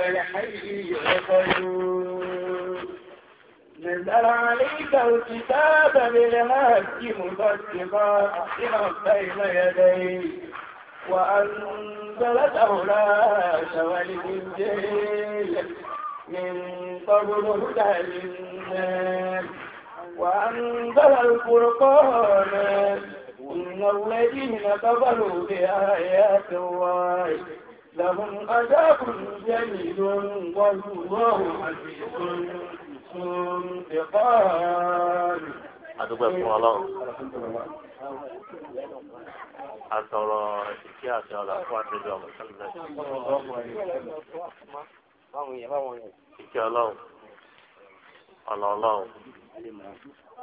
الحي يقول نزل عليك الكتاب بالهاك مصدقا لما بين يديه وأنزل الأوراش والإنجيل من قبل هدى للناس وأنزل الفرقان إن الذين كفروا بآيات الله لهم عذاب جليل والله عزيز ذو adúgbò fún ọlọ́run àtọ̀rọ̀ ìkí àti ọ̀là fún àtẹ̀jọ́ ọmọ sẹ́lẹ̀ ìkí ọlọ́run ọ̀nà ọlọ́run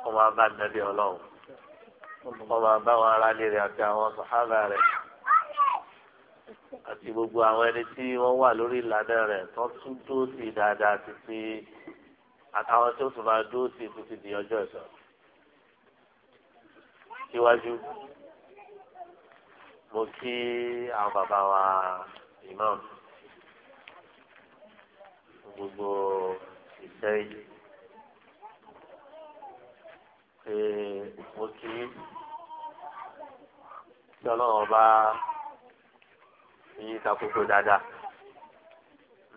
ọmọ abá nàbí ọlọ́run ọmọ abá wọn aráàlú rẹ̀ àti àwọn sàhábà rẹ̀ àti gbogbo àwọn ẹni tí wọ́n wà lórí ìlànà rẹ̀ tó tún dúró sí dáadáa títí àtàwọn tó tún máa dúró sí títí di ọjọ́ ẹ̀san. síwájú mo kí àwọn bàbá wa imam gbogbo ìṣe pé mo kí tí ọlọ́run bá yíyí takoko dáadáa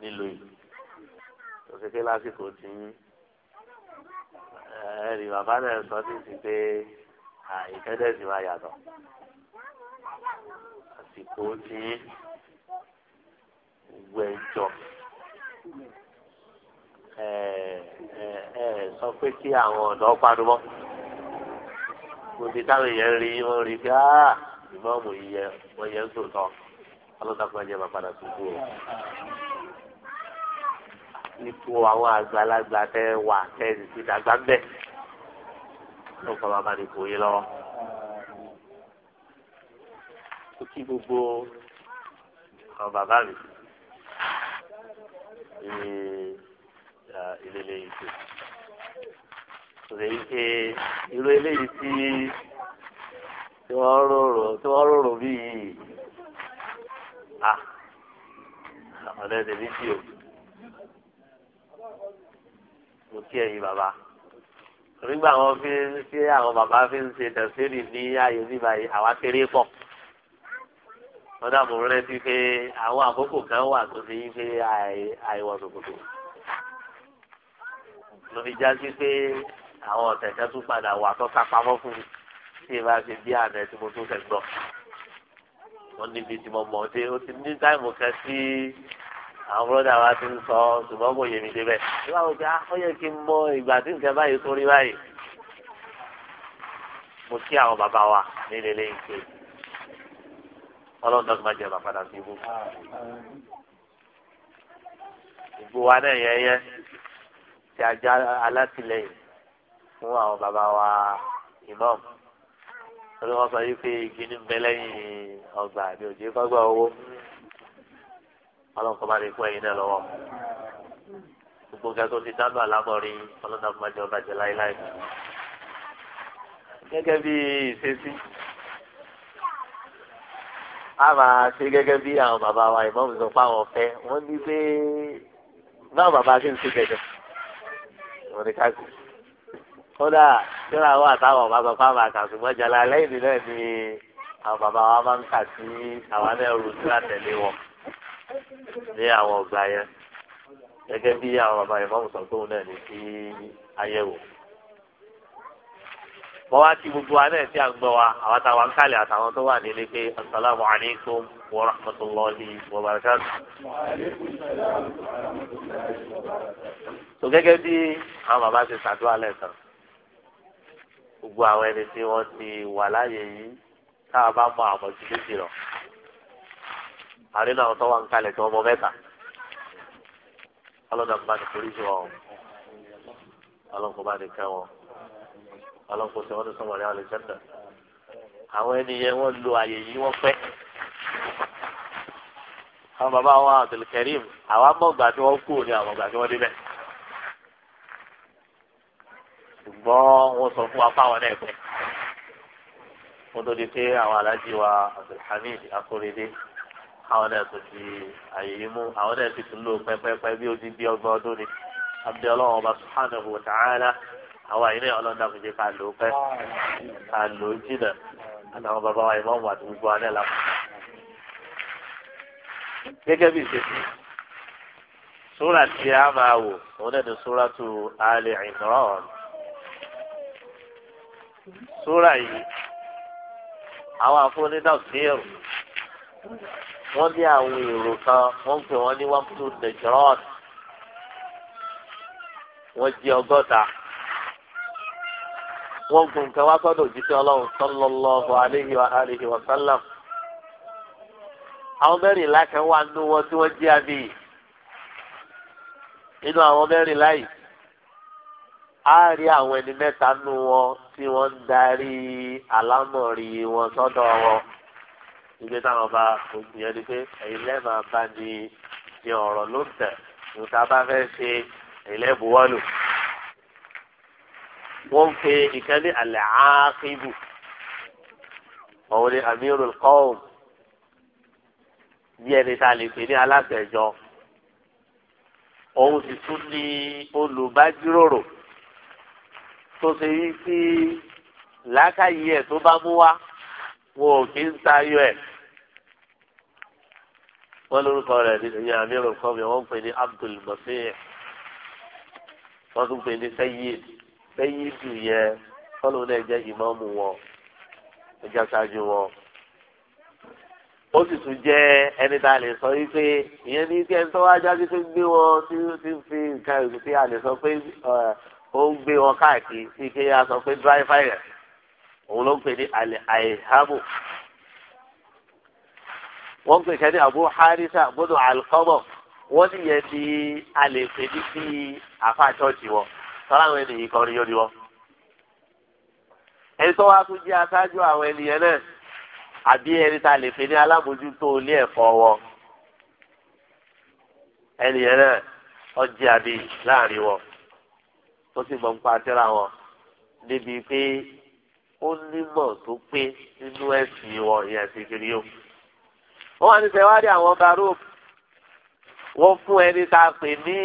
nílò ìlú òṣèké lásìkò tí ẹ̀rì bàbá náà sọ sí ti pé ìfẹ́dẹ̀sì máa yàtọ̀ àsìkò tí gbogbo ẹ ẹ sọ pé kí àwọn ọ̀dọ́ padùmọ́ gbòdì táwọn èèyàn rí wọn rí pé ìmọ̀ọ́mù yìí yẹ wọ́n yẹ ń tòótọ́ ọlọ́dàpọ̀ ẹ̀jẹ̀ máa padà tó dúró. nípò àwọn àgbàlagbà tẹ wà tẹ ti dàgbà bẹ́ẹ̀ ló kọ́ bàbá ní kò yé lọ́wọ́. ó kí gbogbo àwọn bàbá mi ní ilé lẹ́yìn tó rèé ṣe irú eléyìí tí wọ́n rorò bí yìí à ọ̀lẹ́ sí o mo kí ẹ̀yin bàbá nígbà wọn fi ń ṣe àwọn bàbá fi ń ṣe tẹ̀síìrì ní ààyè bíbá yìí àwa kéré pọ̀ wọ́n dà mọ́ rántí pé àwọn àkókò kan wà tó fi yí pé àìwọ̀ ṣòkòtò ló fi já sí pé àwọn ọ̀tẹ̀kẹ́ tún padà wà tó kápamọ́ fún mi tí ì ṣe bí àná tí mo tún fẹ́ gbọ́ wọ́n níbi tí mo mọ̀ dé ó ti ní táìmù kan sí àwọn bọ́dà wa ti ń sọ ṣùgbọ́n kò yé mi débẹ̀. ìwà òkè ó yẹ kí n mọ ìgbà tí nǹkan báyìí tó báyìí. mo kí àwọn bàbá wa nílé lẹ́yìn pé ọlọ́run dọ́gbọ́n jẹ́ bàbá náà sí ibú. ìgbò wa náà yẹn yẹn ti ajá alátìlẹyìn fún àwọn bàbá wa ìmọ̀ọ́mù lórí wọn sọ yìí pé igi ní bẹ lẹ́yìn ọgbà àbí òjì fọgbà owó ọlọ́nkọ́ bá lè kó ẹyin náà lọ́wọ́ gbogbo gẹ́gẹ́ tó ti dánú àlámọ̀rí ọlọ́nà ọmọdé ọba jẹ láéláé gẹ́gẹ́ bí ìṣesí a máa ṣe gẹ́gẹ́ bí àwọn bàbá wa ìmọ̀mù sọ pé àwọn ọ̀fẹ́ wọ́n ní pé báwọn bàbá kí n ṣe gẹ̀gẹ̀ wọ́n ní ká sí kódà kíra wà táwọn bàbá bá máa kà ṣùgbọ́n jàlá lẹ́yìn nílẹ̀ ni àwọn bàbá wa máa ń kà sí àwọn ẹrù tí a tẹ̀lé wọn ní àwọn ọgbà yẹn gẹ́gẹ́ bí àwọn bàbá yẹn fọ́ọ̀mù sọ̀tún náà ní sí àyẹ̀wò. mo wá kí gbogbo wa náà sí àgbọ̀ wa àwọn táwọn ń kálẹ̀ àtàwọn tó wà nílé pé asalaamu alaykum wa rahmatulahi wa barakatu. so gẹ́gẹ́ bí àwọn bàbá ti ṣàdúrà lẹ́sàn-án gbogbo àwọn ẹni tí wọ́n ti wà láàyè yìí tá bá mọ àmọ̀jú méjì lọ. àrínà àwọn wà ń kalẹ̀ tí wọ́n mọ mẹ́ta. ọlọ́dà bá ní polisi wọn o ọlọ́nkọ bá ní kẹ́ wọn ọlọ́nkọ tí wọ́n ti sọ̀rọ̀ ní alẹ́sẹ̀ndà. àwọn ẹni yẹn wọ́n lo àyè yìí wọ́n pẹ́. àwọn bàbá wa Abdulkareem àwọn amọ̀gbà tí wọ́n kú ni àwọn ọ̀gbà tí wọ́n débẹ̀. ṣùgbọ́n wọ́n sọ fún wa fáwọn náà pẹ́. wọ́n tó di pé àwọn alájí wa Abdulhamid Akorede àwọn náà tó fi àyè yìí mú àwọn náà sì tún lò pẹ́pẹ́pẹ́ bí ó di bí ọgbọ́n ọdún ni abdi ọlọ́run ọba subhanahu wa ta'ala àwọn àyè náà ọlọ́dà kò jẹ́ ká lò ó pẹ́ ká lò ó jìnà àtàwọn bàbá wa ìmọ̀ wà tó gbogbo alẹ́ làwọn. gẹ́gẹ́ bí ìṣesí sóra tí a máa wò òun náà ni sóràtù Ali Imran. súrà yìí àwọn àfọwọ́ni dàbíyẹ̀rù wọ́n ní àwọn èrò kan wọ́n pè wọ́n ní one two dejrot wọ́n jẹ́ ọgọ́ta wọ́n gun nǹkan wá sọ́dọ̀ òjíṣẹ́ ọlọ́run sallallahu alayhi wa alihi wa sallam àwọn mẹ́rìnlá kan wà nínú wọn tí wọ́n jẹ́ àbí inú àwọn yìí. á rí àwọn ẹni mẹ́ta nù wọn tí wọ́n ń darí alámọ̀rí wọn sọ́dọ̀ wọn ibi táwọn bá ògùn yẹn ni pé ẹ̀yin lẹ́ẹ̀ma bá ní ní ọ̀rọ̀ ló nǹkan bá fẹ́ ṣe ẹ̀yin buwọ́lù. wọ́n ń pe ìkan ní alẹ́ ákíbù òun ni amirul qawm bí ẹni tá a lè pè ní aláṣẹjọ òun sì tún ní olùbájíròrò tó ṣe yí sí làákàyè ẹ̀ tó bá mú wá wọn ò kí ń tayọ ẹ̀ wọ́n lórúkọ rẹ̀ ní ìyá amírò kọ́mi wọ́n ń pè ní Abdul Masih wọ́n tún pè ní Sayyid Sayyid yẹn kọ́lù náà jẹ́ ìmáàmù wọn ẹja ṣáájú wọn ó sì tún jẹ́ ẹni tá a lè sọ wípé ìyẹn ní kí ẹni tó wá jáde tó gbé wọn tí ó ti fi nǹkan ìgbésí a lè sọ pé ó ń gbé wọn káàkiri sí ike a sọ pé dráìfà rẹ̀ òun ló ń pè ní alẹ́ àìhámù wọ́n ń pè kẹ́ni àbú harisa gbọ́dọ̀ alikọ́bọ̀ wọ́n sì yẹ ti alẹ́ pè ní sí àfa chọ́ọ̀chì wọn sọ́ra àwọn ènìyàn kọrin yóò di wọn. ẹni tó wá tún jẹ́ aṣáájú àwọn ènìyàn náà àbí ẹni tá a lè pè ní alábòójútó ilé ẹ̀kọ́ wọn. ènìyàn náà ọjẹ́ àbí láàrin wọn tó sì mọ̀ ń pa síra wọn níbi pé ó nímọ̀ tó pé nínú ẹ̀sìn wọn ìyẹn sì kiri yó. wọ́n wá ní sẹ́wádìí àwọn barob wọ́n fún ẹni tá a pè ní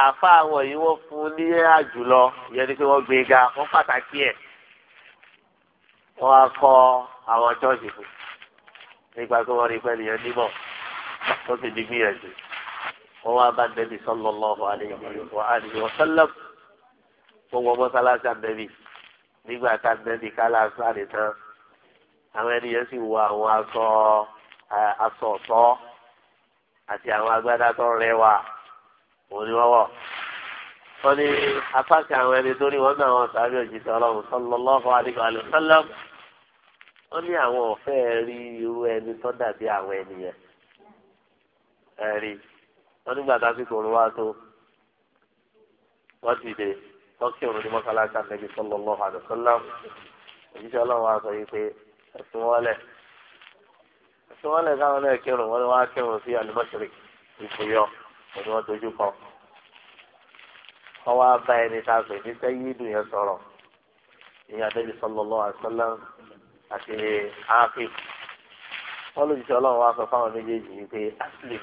àáfà àwọn yìí wọ́n fún ní àjùlọ ìyẹn ni pé wọ́n gbé ga wọ́n pàtàkì ẹ̀ wọ́n á kọ́ àwọn chọ́ọ̀chì fún nígbà tó wọ́n rí pẹ́ nìyẹn nímọ̀ tó sì di gbìyànjú wọ́n wá bá nẹ́bí sallallahu alaihi wa alihi wa sallam wọ́n wọ mọ́sálásí àbẹ́bí nígbà tá àbẹ́bí kálá sáré tán àwọn ènìyàn sì wọ àwọn aṣọ aṣọ ọ̀tọ̀ àti àwọn agbádá tó rẹwà òun ni wọ́n wọ̀ wọ́n ní apá kan àwọn ẹni tó ní wọ́n náà wọ́n sáré òjìṣẹ́ ọlọ́run sallallahu alaihi wa sallam wọ́n ní àwọn ọ̀fẹ́ rí irú ẹni tó dàbí àwọn ènìyàn ẹ̀rí wọ́n nígbà tá a fi kòrò wá tó wọ́n ti dé lọ́kì òun ni mọ́sálásí ànábì sallallahu alaihi wasallam òjíṣẹ́ ọlọ́run wa sọ yìí pé ẹ̀sùn wọlé ẹ̀sùn wọlé káwọn náà kírun wọn ni wọ́n á kírun sí alimọ́sirì ìfòyọ́ òun ni wọ́n dojú kọ. ọwọ́ abá ẹni tá a pè ní sẹ́yìndù yẹn sọ̀rọ̀ ìyẹn ànábì sallallahu alaihi wasallam àti áfíf wọ́n lójúṣe ọlọ́run wa sọ fáwọn méjèèjì yìí pé asìlì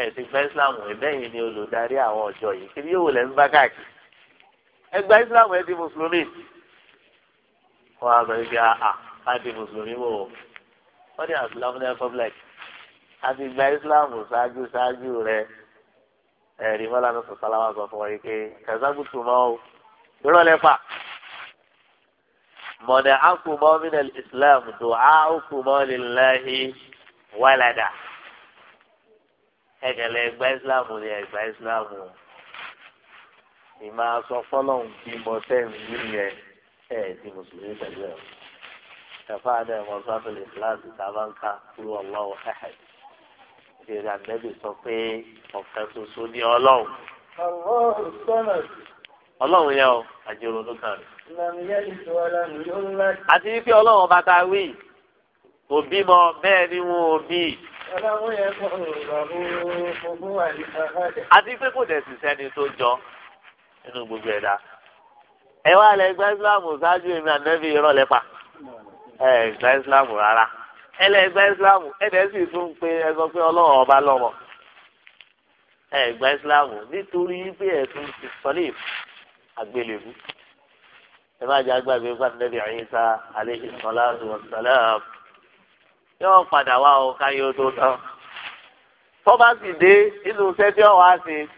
ẹ̀ ti gbẹ́ islam ẹ̀bẹ́yìn ni olùdarí àwọn ọ̀jọ́ yìí kí yóò lẹ́ bá káàkiri ẹgbà islam ẹ di mùsùlùmí wọn àgbà yìí bíi àà á ah, ah, di mùsùlùmí wò ó wọn ní àtúlámù ní republic àti ìgbà islam ṣáájú ṣáájú rẹ ẹ̀rí mọ́lá ní sọ̀tàlámà sọ fún wọn yìí pé kẹsàgùtù mọ́ o ìrọ̀lẹ́ fà mọ̀nà àkùmọ́ mínà islam dùn á àkùmọ́ lillahi wàlàdà ẹ̀kẹ́lẹ́ ẹgbà islam ni ẹgbà islam ìmọ̀ aṣọ fọlọ́hún kí mo sẹ́yìn nìyẹn ẹ̀ ti mùsùlùmí pẹ̀lú ẹ̀ ẹ̀fọ́ adé ẹ̀mọ́ sábẹ́lì kíláàsì tábàǹkà kúrò ọlọ́wọ́ ẹ̀hẹ̀ ìrìn àgbẹ̀bí sọ pé ọ̀fẹ́ soso ní ọlọ́run. ọlọ́run yẹn o àjẹrò ló kàn rẹ̀. àti wípé ọlọ́run ọba ta wí òbí mọ bẹ́ẹ̀ ni wọn ò bí. àti pé kò dẹ̀ sì sẹ́ni tó jọ nínú gbogbo ẹ̀dá ẹ wá lẹ gba ìsìláàmù ṣáájú èmi ànẹ́bí irọ́ lẹ́pa ẹ gba ìsìláàmù rárá ẹ lẹ gba ìsìláàmù ẹ dẹ́ sì tún pé ẹ sọ pé ọlọ́run ọba lọ́mọ ẹ gba ìsìláàmù nítorí pé ẹ̀sùn ti sọlẹ̀ àgbélébú ẹ má jẹ́ agbábẹ́ gba ànẹ́bí Ìsá alayhi salatu wassalam yóò padà wá ọ káyọ̀ tó tán tọ́ bá sì dé inú sẹ́tí ọ̀ wá sí i.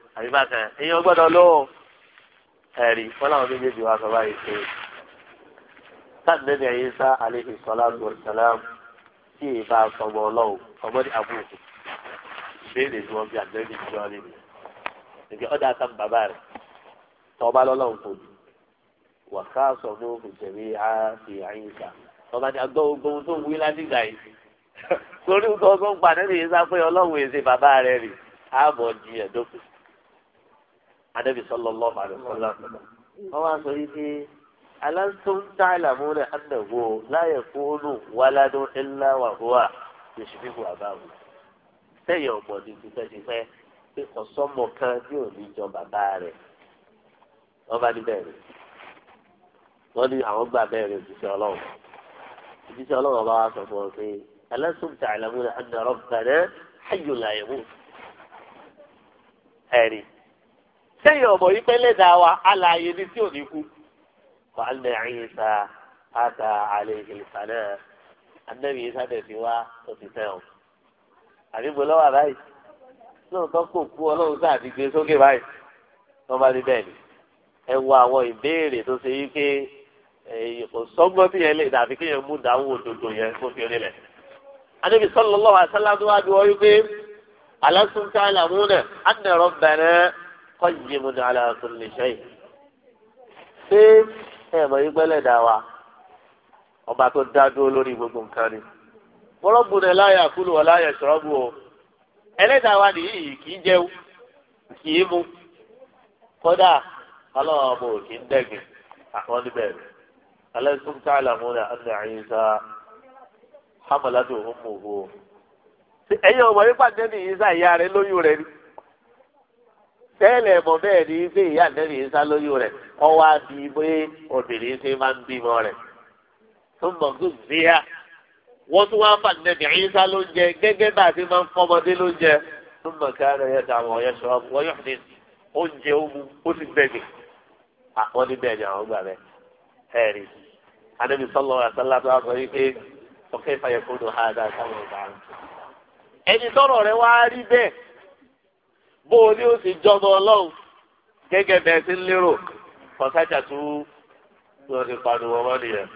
àbí bákan èèyàn gbọ́dọ̀ lóhùn ẹ̀rí wọn làwọn méjèèjì wá sọ báyìí pé sáàdì lẹ́nu ẹ̀yìn sá àlehi sọlá tó sàlám tí ì bá sọmọ ọlọ́wọ́ ọmọ ní abúlé ìbéèrè ni wọ́n bí àgbẹ̀bí ti wọ́n níbi níbi ọ̀dà kan bàbá rẹ̀ tọ́ba lọ́lọ́run tó di wà ká sọ fún ìjẹ̀rí àti àyìn sá ọba ní agbọ́ ogun tó wí ládìgbà yìí torí nǹkan ọgbọ́n gbà nínú ìyẹn sá pé ọlọ́run èsè bàbá rẹ̀ rè áàbọ̀ di ẹ̀dọ́kùn anabi sallallahu alayhi wa sallam wọn wá sọ yìí pé alastum ta'lamuna annahu la yakunu waladun illa wa huwa yushbihu abahu sẹ́yìn ọmọ ní tipẹ́tipẹ́ pé ọ̀sọ́mọ kan ní òní jọ bàbá rẹ̀ wọ́n bá ní bẹ́ẹ̀ rẹ̀ wọ́n ní àwọn gbà bẹ́ẹ̀ rẹ̀ òjíṣẹ́ ọlọ́run òjíṣẹ́ ọlọ́run ọba wa sọ fún ọ pé alastum ta'lamuna anna rabbana hayyun la yamut ẹ̀rí sẹ́yìn ọ̀bọ̀ yìí pẹ́ lẹ́dàá wa alààyè ni tí ò ní kú. wàhálà ìyíṣà àtà àlè ìṣẹ̀lẹ̀ náà anẹ́bí yìí sábẹ̀ fi wá tó ti tẹ̀ ọ́. àdìgbò lọ́wọ́ àbáyé lóòótọ́ kò kú ọlọ́run sáà ti gbé sókè báyìí wọ́n bá rí bẹ́ẹ̀ ni. ẹ wo àwọn ìbéèrè tó ṣe yí pé kò sọ́gbọ́n tí yẹn lè dàbí kí yẹn mú dáwọ́ òdodo yẹn kó fi rinlẹ̀. anẹ́bí sallallahu alaihi wasallam wá ju ọ qayyim ala kulli shay ṣé ẹ mọ̀ yín gbẹ́lẹ̀ dà wa ọba tó dá dúró lórí gbogbo nǹkan ni wọ́rọ́bù náà la yakulu wa la yashrabu o ẹlẹ́dàá wa nìyí kì í jẹun kì í mu kódà ọlọ́wọ́ ọmọ òkè ń dẹ́gbẹ̀ àwọn níbẹ̀ alẹ́ tó ń ká àlàmúnà ẹ̀dá àyíṣà hamaladu ọmọ òwò ẹ̀yin ọmọ yín pàdé ní ìyíṣà ìyá rẹ lóyún rẹ ni. tẹ́lẹ̀ mọ̀ bẹ́ẹ̀ ni ife ìyá nẹ́bí ń sá lóyún rẹ̀ ọwọ́ àbí pé obìnrin ṣe máa ń bímọ rẹ̀ tó mọ̀ tó wọ́n tún wáá fà nẹ́bí ń sá l'óúnjẹ gẹ́gẹ́ bá a ti máa ń fọmọdé ló oúnjẹ ó sì àwọn ní bẹ́ẹ̀ ni àwọn gbà ẹ̀rí bó o ní o sì jọmọ ọlọ́run gẹ́gẹ́ bẹ́ẹ̀ ti ń lérò kọ́sájà tó tó ti pariwo wọ́n nìyẹn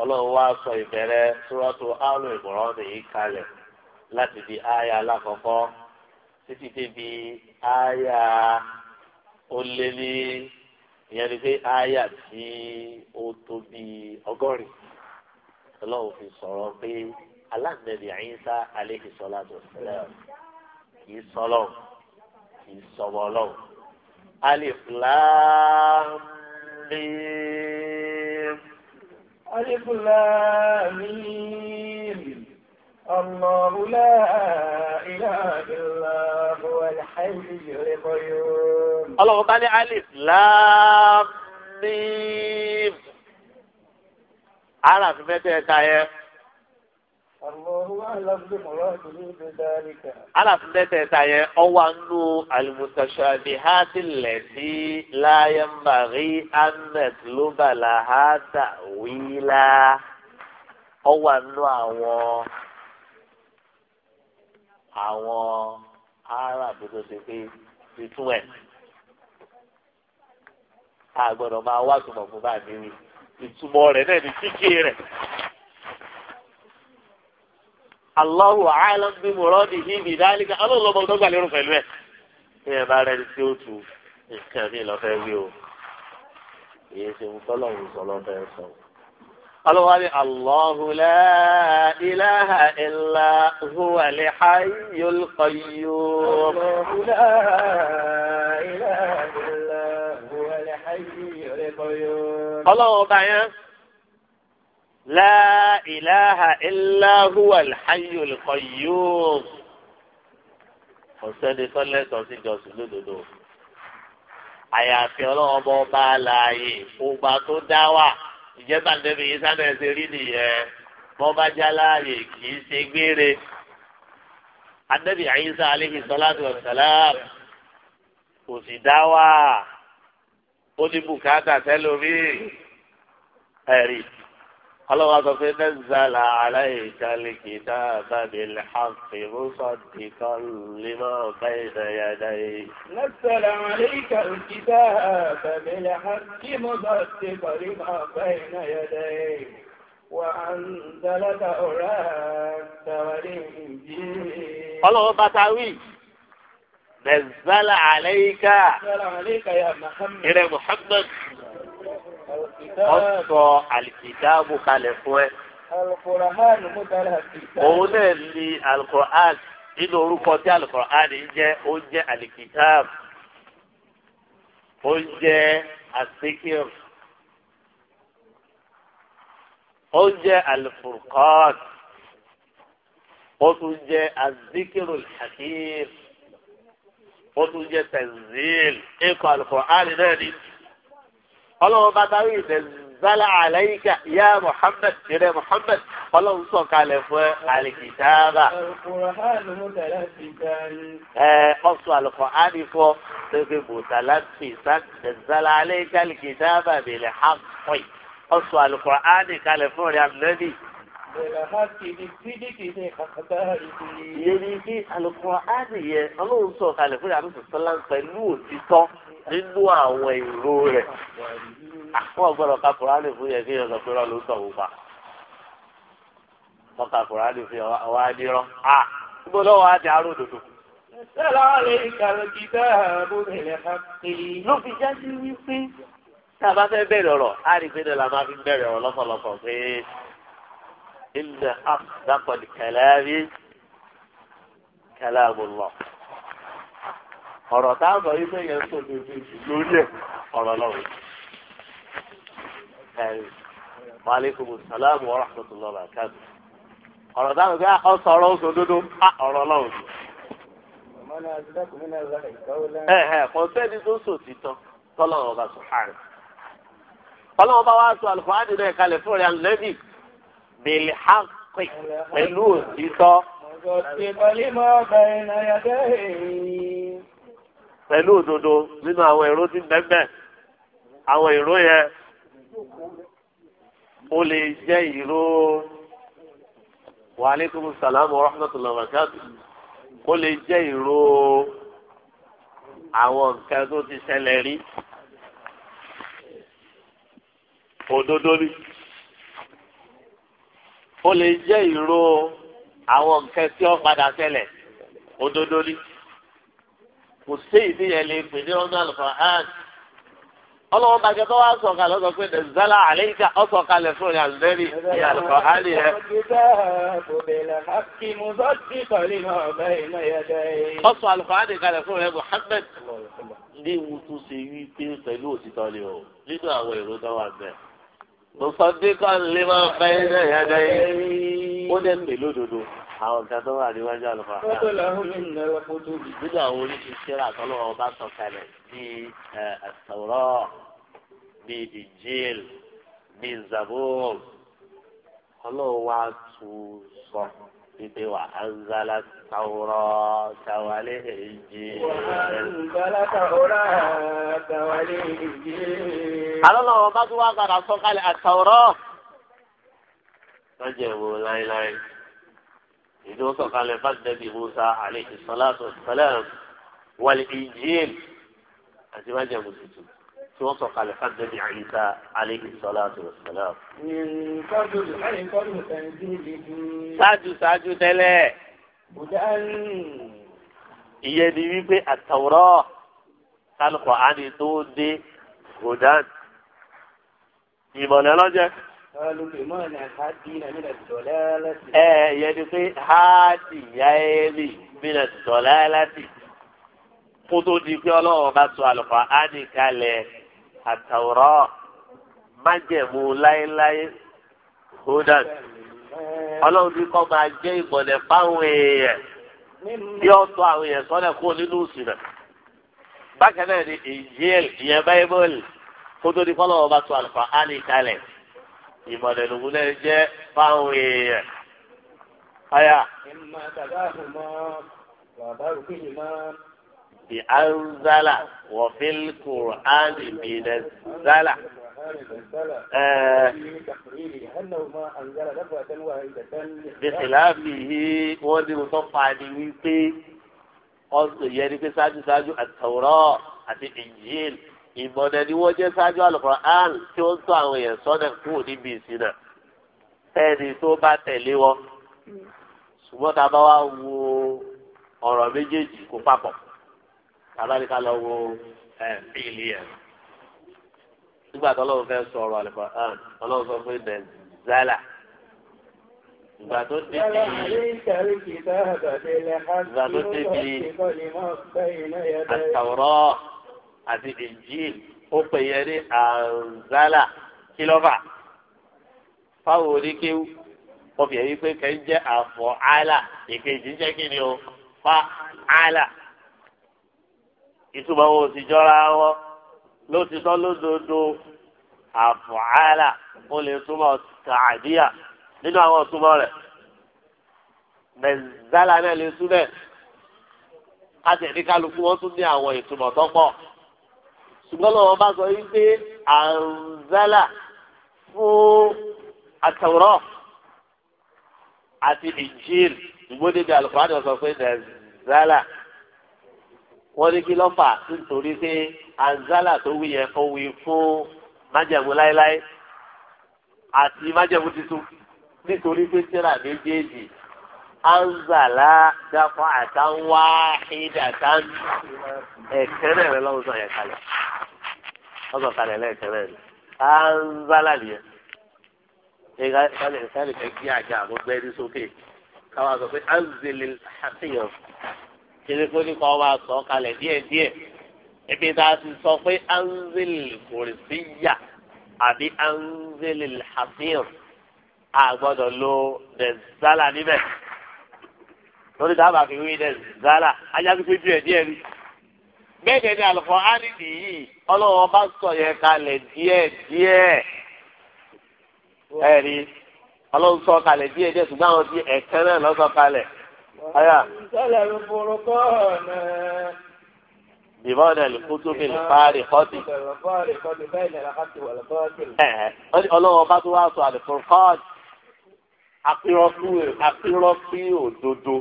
ọlọ́run wá sọ ìbẹ̀rẹ̀ sọ́rọ́tò áàlù ìmọ̀ràn nìyí kalẹ̀ láti di àyà alákọ̀ọ́kọ́ títí débi àyà ó lé ní ìyẹn ni pé àyà tí ó tóbi ọgọ́rin ọlọ́run fi sọ̀rọ̀ pé aláǹdẹ̀bì àyínsá alayhi salatu wassalam kì í ìsọ̀bọ̀ ọlọ́run alif lam mim alif lam mim Allahu la ilaha illa huwal hayyul qayyum. ọlọ́run ká ní alif lam mim ara fi mẹ́tẹ̀ẹ̀ta yẹn aláàfin mẹ́tẹ̀ẹ̀ta yẹn ọwọ́ anú alimusasabihati lẹ́tí láyẹ̀mbàrí ahmed lóbàlá hàtà wíìlà ọwọ́ anú àwọn àwọn aráàbù tó ṣe pé titun ẹ̀ e. a gbọ́dọ̀ máa wá túmọ̀ fún bá a níwì ìtumọ̀ rẹ̀ náà ní kíkì rẹ̀. Allahu a'lam bí mo rọ́ọ̀dì yìí ní ìdálẹ́gà ọlọ́ọ̀lọ́mọ tó gbà lérò pẹ̀lú ẹ̀. bí ẹ bá rẹni tí ó tu nǹkan mi lọ́fẹ́ wí o èyí ṣe ń tọ́lọ̀ ń sọ lọ́fẹ́ sọ. ọlọ́wà ni Allahu la ilaha illa huwa al-hayyul qayyum. Allahu la ilaha illa huwa al-hayyul qayyum. ọlọ́wọ́ bá la ilaha illa huwa alhayyul qayyum ọ̀sẹ́ni sọ́lẹ́sọ̀ sí jọ̀sìn lódodo àyàfi ọlọ́wọ́ bọ́ bá a láàyè ọba tó dá wà ìjẹ́bà níbi ìsánà ṣe rí nìyẹn bọ́ bá já láàyè kì í ṣe gbére anabi ayisa aleyhi salatu wa salam kò sì dá wà ó ní bùkátà tẹlómi ẹ̀rí. قال الله نزل عليك الكتاب بالحق مصدقا لما بين يديه نزل عليك الكتاب بالحق مصدقا لما بين يديه وأنزل التوراة والإنجيل قال الله بتاوي نزل عليك نزل عليك يا محمد يا محمد ọsọ àlìkìdáàbò kalẹ̀ fún ẹ. òun náà ni alukur'an nínú orúkọ tí alukur'an ń jẹ́ ó ń jẹ́ àlìkìdáàbò ó ń jẹ́ àsìkírù ó ń jẹ́ ó tún jẹ́ azikiru hakim ó tún jẹ́ tanzil ẹ̀kọ́ alukur'an náà ni ọlọ́run bá darí ìdẹ̀zálà àlẹ́yìká yá muhammed jẹ́rẹ́ muhammed ọlọ́run sọ̀kalẹ̀ fún ẹ àlìkìtàbà. ẹ ọ̀sùn àlùkò àdìfọ́ tẹ́gbẹ́ bùtàlápì sàdẹ̀zálà àlẹ́yìká àlìkìtàbà bẹ̀rẹ̀ hàpọ̀ì ọ̀sùn àlùkò àdìkalẹ̀ fún rẹ̀ àmì Yẹ́nì bí alùpùpù áàdì yẹ ọlọ́run sọ̀kalẹ̀ fún ìyàtọ̀ sọ́lá pẹ̀lú òtítọ́ nínú àwọn ìró rẹ̀ àwọn ọgbọ́dọ̀ ka kùránì fún yẹn kí yẹn sọ pé rán ló ń tọ̀ wọ́pá wọ́n ka kùránì fún yẹn wọ́n á nírọ́ à níbo lọ́wọ́ á ti aró òdòdó. ló fi jáde wípé tá a bá fẹ́ bẹ̀rẹ̀ ọ̀rọ̀ á rí i pé nílá máa fi bẹ̀rẹ̀ ọ̀rọ̀ lọ́pọ̀lọpọ̀ pé ilẹ̀ àkùdàpọ̀ kẹlẹ́ rí kẹlẹ́ àbúrò. ọ̀rọ̀ tá a sọ yìí pé lórí ẹ̀ ọ̀rọ̀ lọ́wọ́ maaleykum salaam wa rahmatulah sọ̀rọ̀ ah, oṣù dúdú ah, ọ̀rọ̀ lọ́wọ́. kò sẹ́ni tó sọ títọ́ sọ náà kalẹ̀ fún lẹ́bí pẹ̀lú òtítọ́. pẹ̀lú òdodo nínú àwọn èrò tí ń bẹ́ẹ̀ àwọn èrò yẹn ó lè jẹ́ ìró wa aleykum salaam wa rahmatulah lè jẹ́ ìró àwọn nǹkan tó ti ṣẹlẹ̀ rí òdodo ni ó lè jẹ́ ìró àwọn nǹkan tí ó padà ṣẹlẹ̀ òdodo ni kò sí ìdíyẹn lè pè ní ọdún alufahan ọlọ́wọ́n bá jẹ́ kó wá sọ̀kalẹ̀ ọ̀sọ̀ pé nìzálà àlẹ́yìnká ọ̀sọ̀kalẹ̀ fún ní àlùbẹ́rì ní alufahan yẹn. ọ̀sọ̀ alufahan kalẹ̀ fún rẹ̀ Muhammad ní wutu ṣe wí pé pẹ̀lú òtítọ́ ni o nínú àwọn èrò tó wà bẹ́ẹ̀. mo sọ dé kọ́ lè máa bá náà yá àwọn kan tó wà níwájú àlùfáà. nínú àwọn oríṣiríṣi àtọ́lọ́ ọba sọ̀kalẹ̀ bíi àtọ̀rọ̀ bíi ìjìl bíi zabur ọlọ́run wa tù sọ pípé wà á ń zálá tàwọ̀rọ̀ tàwálé èjì. àlọ́lọ́ ọba tó wá padà sọ̀kalẹ̀ àtọ̀rọ̀ lọ́jọ́ ìwò láéláé èyí tó sọ̀kalẹ̀ fásitì Musa alayhi salatu wassalam wal injil àti májèmú tuntun tí wọ́n sọ̀kalẹ̀ fásitì Isa alayhi salatu wassalam. ṣáájú ṣáájú tẹ́lẹ̀ ìyẹn ni wípé àtàwùrọ̀ kálukọ̀ á ní tó dé gòdán ìmọ̀lẹ́ lọ́jẹ́ ẹ yẹ ni pé háàdì yáẹ́lì bílẹ̀ sọ̀lá láti kó tó di pé ọlọ́run bá sọ àlùfáà áàdì kalẹ̀ àtàwòrán májẹ̀mú láéláé hódàn ọlọ́run ní kọ́ máa jẹ́ ìmọ̀lẹ̀ fáwọn èèyàn bí ó tọ́ àwọn èèyàn sọ́lẹ̀ kó nínú ìsìnà bákan náà ni ìyẹ́l ìyẹn báyìí bọ́ọ̀lì kó di pé ọlọ́run bá sọ àlùfáà áàdì kalẹ̀ ìmọ̀lẹ̀ lògúnlẹ̀ jẹ́ fáwọn èèyàn. Aya. Bi anzala wa fil Qur'ani bi nazala. Bi khilafihi wọ́n ní mo sọ fàánì wípé ọ̀sùn yẹn ni pé ṣáájú ṣáájú àtàwòrán àti Injil ìmọ̀nà ni wọ́n jẹ́ sáájú Al-Qur'an tí ó ń tọ́ àwọn èèyàn sọ́nà kúrò níbi ìṣìnà ẹni tó bá tẹ̀lé wọn ṣùgbọ́n tá a bá wá wo ọ̀rọ̀ méjèèjì kó papọ̀ tábàlíkà lọ wo fíìlì yẹn nígbà tó lọ́wọ́ fẹ́ sọ ọ̀rọ̀ Al-Qur'an ọlọ́wọ́ sọ pé nàìjíríà ìgbà tó débi ìgbà tó débi àtàwọ̀rọ̀ àti injil ó pè yẹ ní anzala kílọ́fà fáwọn oníkéwù wọ́n fi èyí pé kẹ́ ń jẹ́ àfọ̀ àlà ìkejì ń jẹ́ kí ni o fa àlà ìtumọ̀ wo sì jọra wọn ló ti sọ lódodo àfọ̀ àlà ó lè túmọ̀ tàdíyà nínú àwọn ìtumọ̀ rẹ̀ mẹ̀zálà náà lè túbẹ̀ káṣẹ̀ ní kálukú wọ́n tún ní àwọn ìtumọ̀ tó ṣùgbọ́n lọ́wọ́ bá sọ wípé àǹzálà fún àtàwùrọ̀ àti ìjìl ìgbóni bí alùpàdé ọ̀sán pé nàìzálà wọ́n ní kí lọ́fà nítorí pé àǹzálà tó wí yẹn ó wí fún májẹ̀mú láéláé àti májẹ̀mú tuntun nítorí pé tíra méjèèjì anzala dáfọ́ àtàwọn wáhídà tán ẹ̀kẹ́rẹ́ rẹ lọ́wọ́ sọ yẹn kalẹ̀ ọsọ kalẹ̀ lẹsẹrẹ rẹ anzala nìyẹn ẹgbẹ sálẹ sálẹ fẹ kí àjà àgbọgbẹ ní sókè káwọn sọ pé anzele àfihàn tẹlifó ní kọ́ máa sọ kalẹ̀ díẹ̀díẹ̀ ibi tá a ti sọ pé anzele kòrìsíyà àbí anzele àfihàn a gbọ́dọ̀ lo dẹzala níbẹ̀ lórí dábàá fi wí dẹzala ajá pípé díẹ̀díẹ̀ ni bẹ́ẹ̀ dẹ̀ ni àlùfáàní nìyí ọlọ́wọ́ bá sọ yẹn kalẹ̀ díẹ̀ díẹ̀ ẹ̀rí ọlọ́wọ́ sọ kalẹ̀ díẹ̀ díẹ̀ ṣùgbọ́n àwọn ti ẹ̀kẹ́ náà lọ́ sọ kalẹ̀. sọlẹ̀ ló borò kọ́ ọ̀nà. bìbọn ẹ̀ lùkútù mi lè fárí kọ́tì. ọlọ́wọ́ bá tó wá sọ àlùfáàní àpérọ́pì òdodo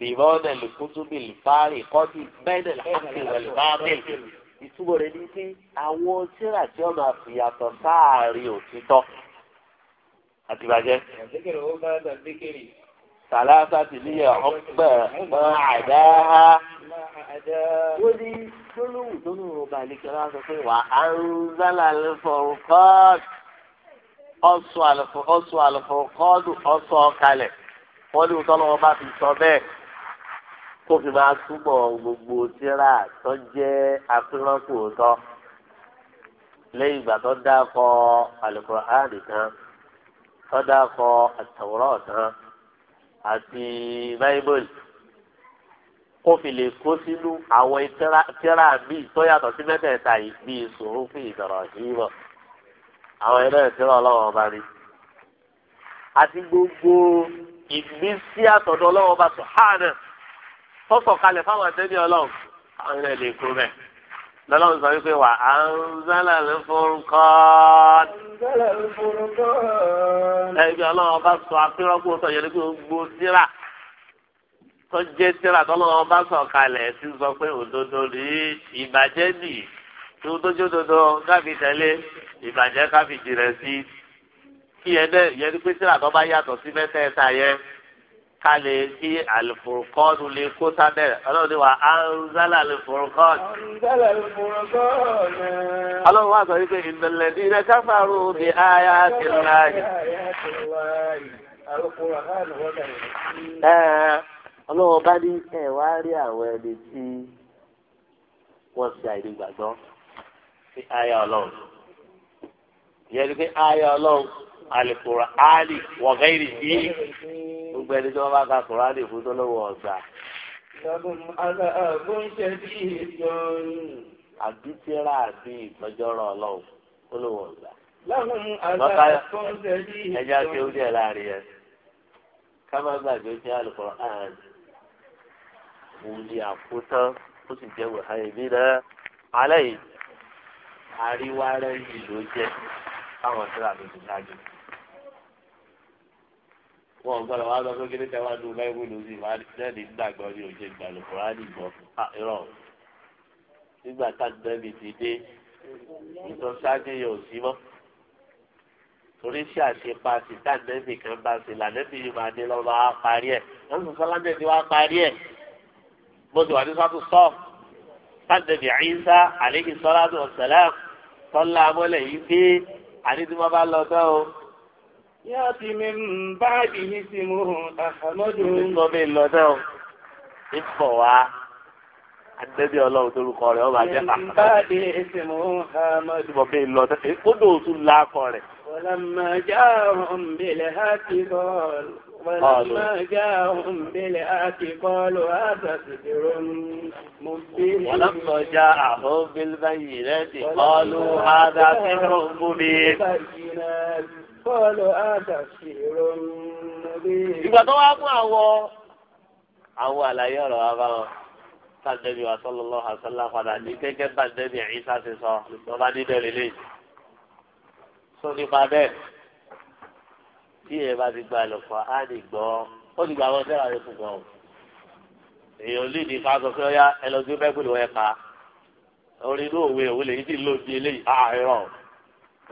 bìbọ́dẹ̀ lùkútùbì lùfárì kọ́dì bẹ́ẹ̀dẹ̀ lùkútùbì lùfárì. ìtumọ̀ rẹ̀ ni pé àwọn tíra tí ọ̀nà àfìyàtọ̀ sáàárín òtítọ́ àtìbàjẹ́. sàlásà ti ní ọ̀pẹ̀ ọ̀pẹ̀ àdáhà. wọ́n ní gbólóhùn tó lóun ọba àlekèrè á sọ pé wà á ń zálà lẹ́fọ̀ọ́ ọ̀sùn àlẹ́fọ̀ọ́ ọ̀sùn ọ̀kalẹ̀ wọ́n ní òtọ́lọ́wọ́ bá fi sọ bẹ́ẹ̀ kó fi máa túbọ̀ gbogbo tíra tó jẹ́ afirọ́pò tọ́ lẹ́yìn ìgbà tó dákọ̀ alukur'ani kan tó dákọ̀ àtàwòrán kan àti báíbélì kó fi lè kó sínú àwọn tíra míì tó yàtọ̀ sí mẹ́tẹ̀ẹ̀ta yìí bíi sòrò fún ìdọ̀rọ̀ yìí mọ̀ àwọn ẹ̀rọ ìtíra ọlọ́wọ́n bá rí àti gbogbo ìgbésí àtọ̀dọ̀ ọlọ́wọ́n bá sọ̀ hánà tọ́sọ̀ kalẹ̀ fáwọn àtẹ́bí ọlọ́run àwọn ilẹ̀ lè kó bẹ́ẹ̀ lọ́lọ́run sọ wípé wà á ń zálà ló forúkọ. ẹbí ọlọ́run bá sọ akérọ́gbó sọ yẹn lókè gbó síra tó jẹ́ síra tọ́lọ́run bá sọ kalẹ̀ sí sọ pé òdodo rí ìbàjẹ́ bì tó tójú dodo káfí tẹ́lẹ̀ ìbàjẹ́ káfí jìrẹ̀ sí kí yẹn dẹ́ yẹn ní pé síra tó bá yàtọ̀ sí mẹ́tẹ̀ẹ̀ta yẹn ká lè kí àlùfòrùkọ́ọ̀nù lè kó sábẹ́ ọlọ́run ní wa anzala àlùfòrùkọ́ọ̀nù. anzala àlùfòrùkọ́ọ̀nù. ọlọ́run wá sọ wípé ìdọ̀lẹ̀ ní ilẹ̀ káfàrú ní àyà ti láàyè. ọlọ́run bá ní ẹ̀ wá rí àwọn ẹni tí wọ́n ṣe àìdígbàgbọ́ sí àyà ọlọ́run. ìyẹn ni pé àyà ọlọ́run àlùfòrùkọ́ọ̀nù wọ̀gẹ́rì bíi gbogbo ẹni tí wọ́n bá ka kùránì fún tó lọ́wọ́ ọ̀gbà. àbítírà àti ìtọ́jọ́rọ̀ ọlọ́run tó lọ́wọ́ ọ̀gbà. bọ́ká ẹja kí ó díẹ̀ láàrin ẹ. ká má gbàgbé tí Al-Qur'an mo ní àkótán ó sì jẹ́ wàhálà ìbí náà alẹ́ yìí àríwá rẹ̀ yìí ló jẹ́ káwọn síra mi ti wọn gbọ́dọ̀ wá lọ sókè ní tẹwàá dùn láì wílò sí ìwà lẹ́ẹ̀dì gbàgbọ́ ní òjò ìgbàlù kùránì gbọ́ irọ́ nígbà táàdẹ́bì ti dé ìtọ́sájú yóò sí mọ́ torí sí àṣepa sí táàdẹ́bì kan bá sí làdẹ́bì yìí máa dé lọ́wọ́ á parí ẹ̀ wọ́n sọ sọ́láńdẹ̀ tí wọ́n á parí ẹ̀ bó ti wà ní sọ́tù sọ́ táàdẹ́bì Ìsá àlékí sọ́lá Yáàtì mi ń bá ìdíyí sí mú àmọ́dù. Ìsọ mi lọ náà, ìfọ̀ wá. Adébí ọlọ́run tó lukọ rẹ̀ ọba jẹ́ pàtàkì. Bá ìdíyí sí mú àmọ́dù. Ìsọ mi lọ náà, kódò tún lákọ rẹ̀. Wọ́lámà jáàrùn bílẹ̀ áti bọ́ọ̀lù. Wọ́lámà jáàrùn bílẹ̀ áti bọ́ọ̀lù àtàtìdìrò mú bí. Wọ́lámà jáàrùn bílẹ̀ báyìí rẹ̀ ti bọ́ọ̀lù àtàtìdìrò mú bí kọ́ọ̀lù àdàsí ronú rí. ìgbà tó wá mú àwọn àwọn àlàyé ọ̀rọ̀ wa bá wọn sàdẹ́bí wa sallallahu alaihi wasallam padà ní gẹ́gẹ́ bá dẹ́bí ti sọ lọ́ba níbẹ̀ lélẹ̀ sọ nípa bẹ́ẹ̀ tí ẹ bá ti gba ẹlòpọ̀ á lè gbọ́ ó ti gba àwọn sẹ́wà yẹn fún gan o èèyàn lè ní ká sọ pé ó yá ẹlọ́dún bẹ́ẹ̀ wọ́n yẹ ká orin ní òwe òwe lèyí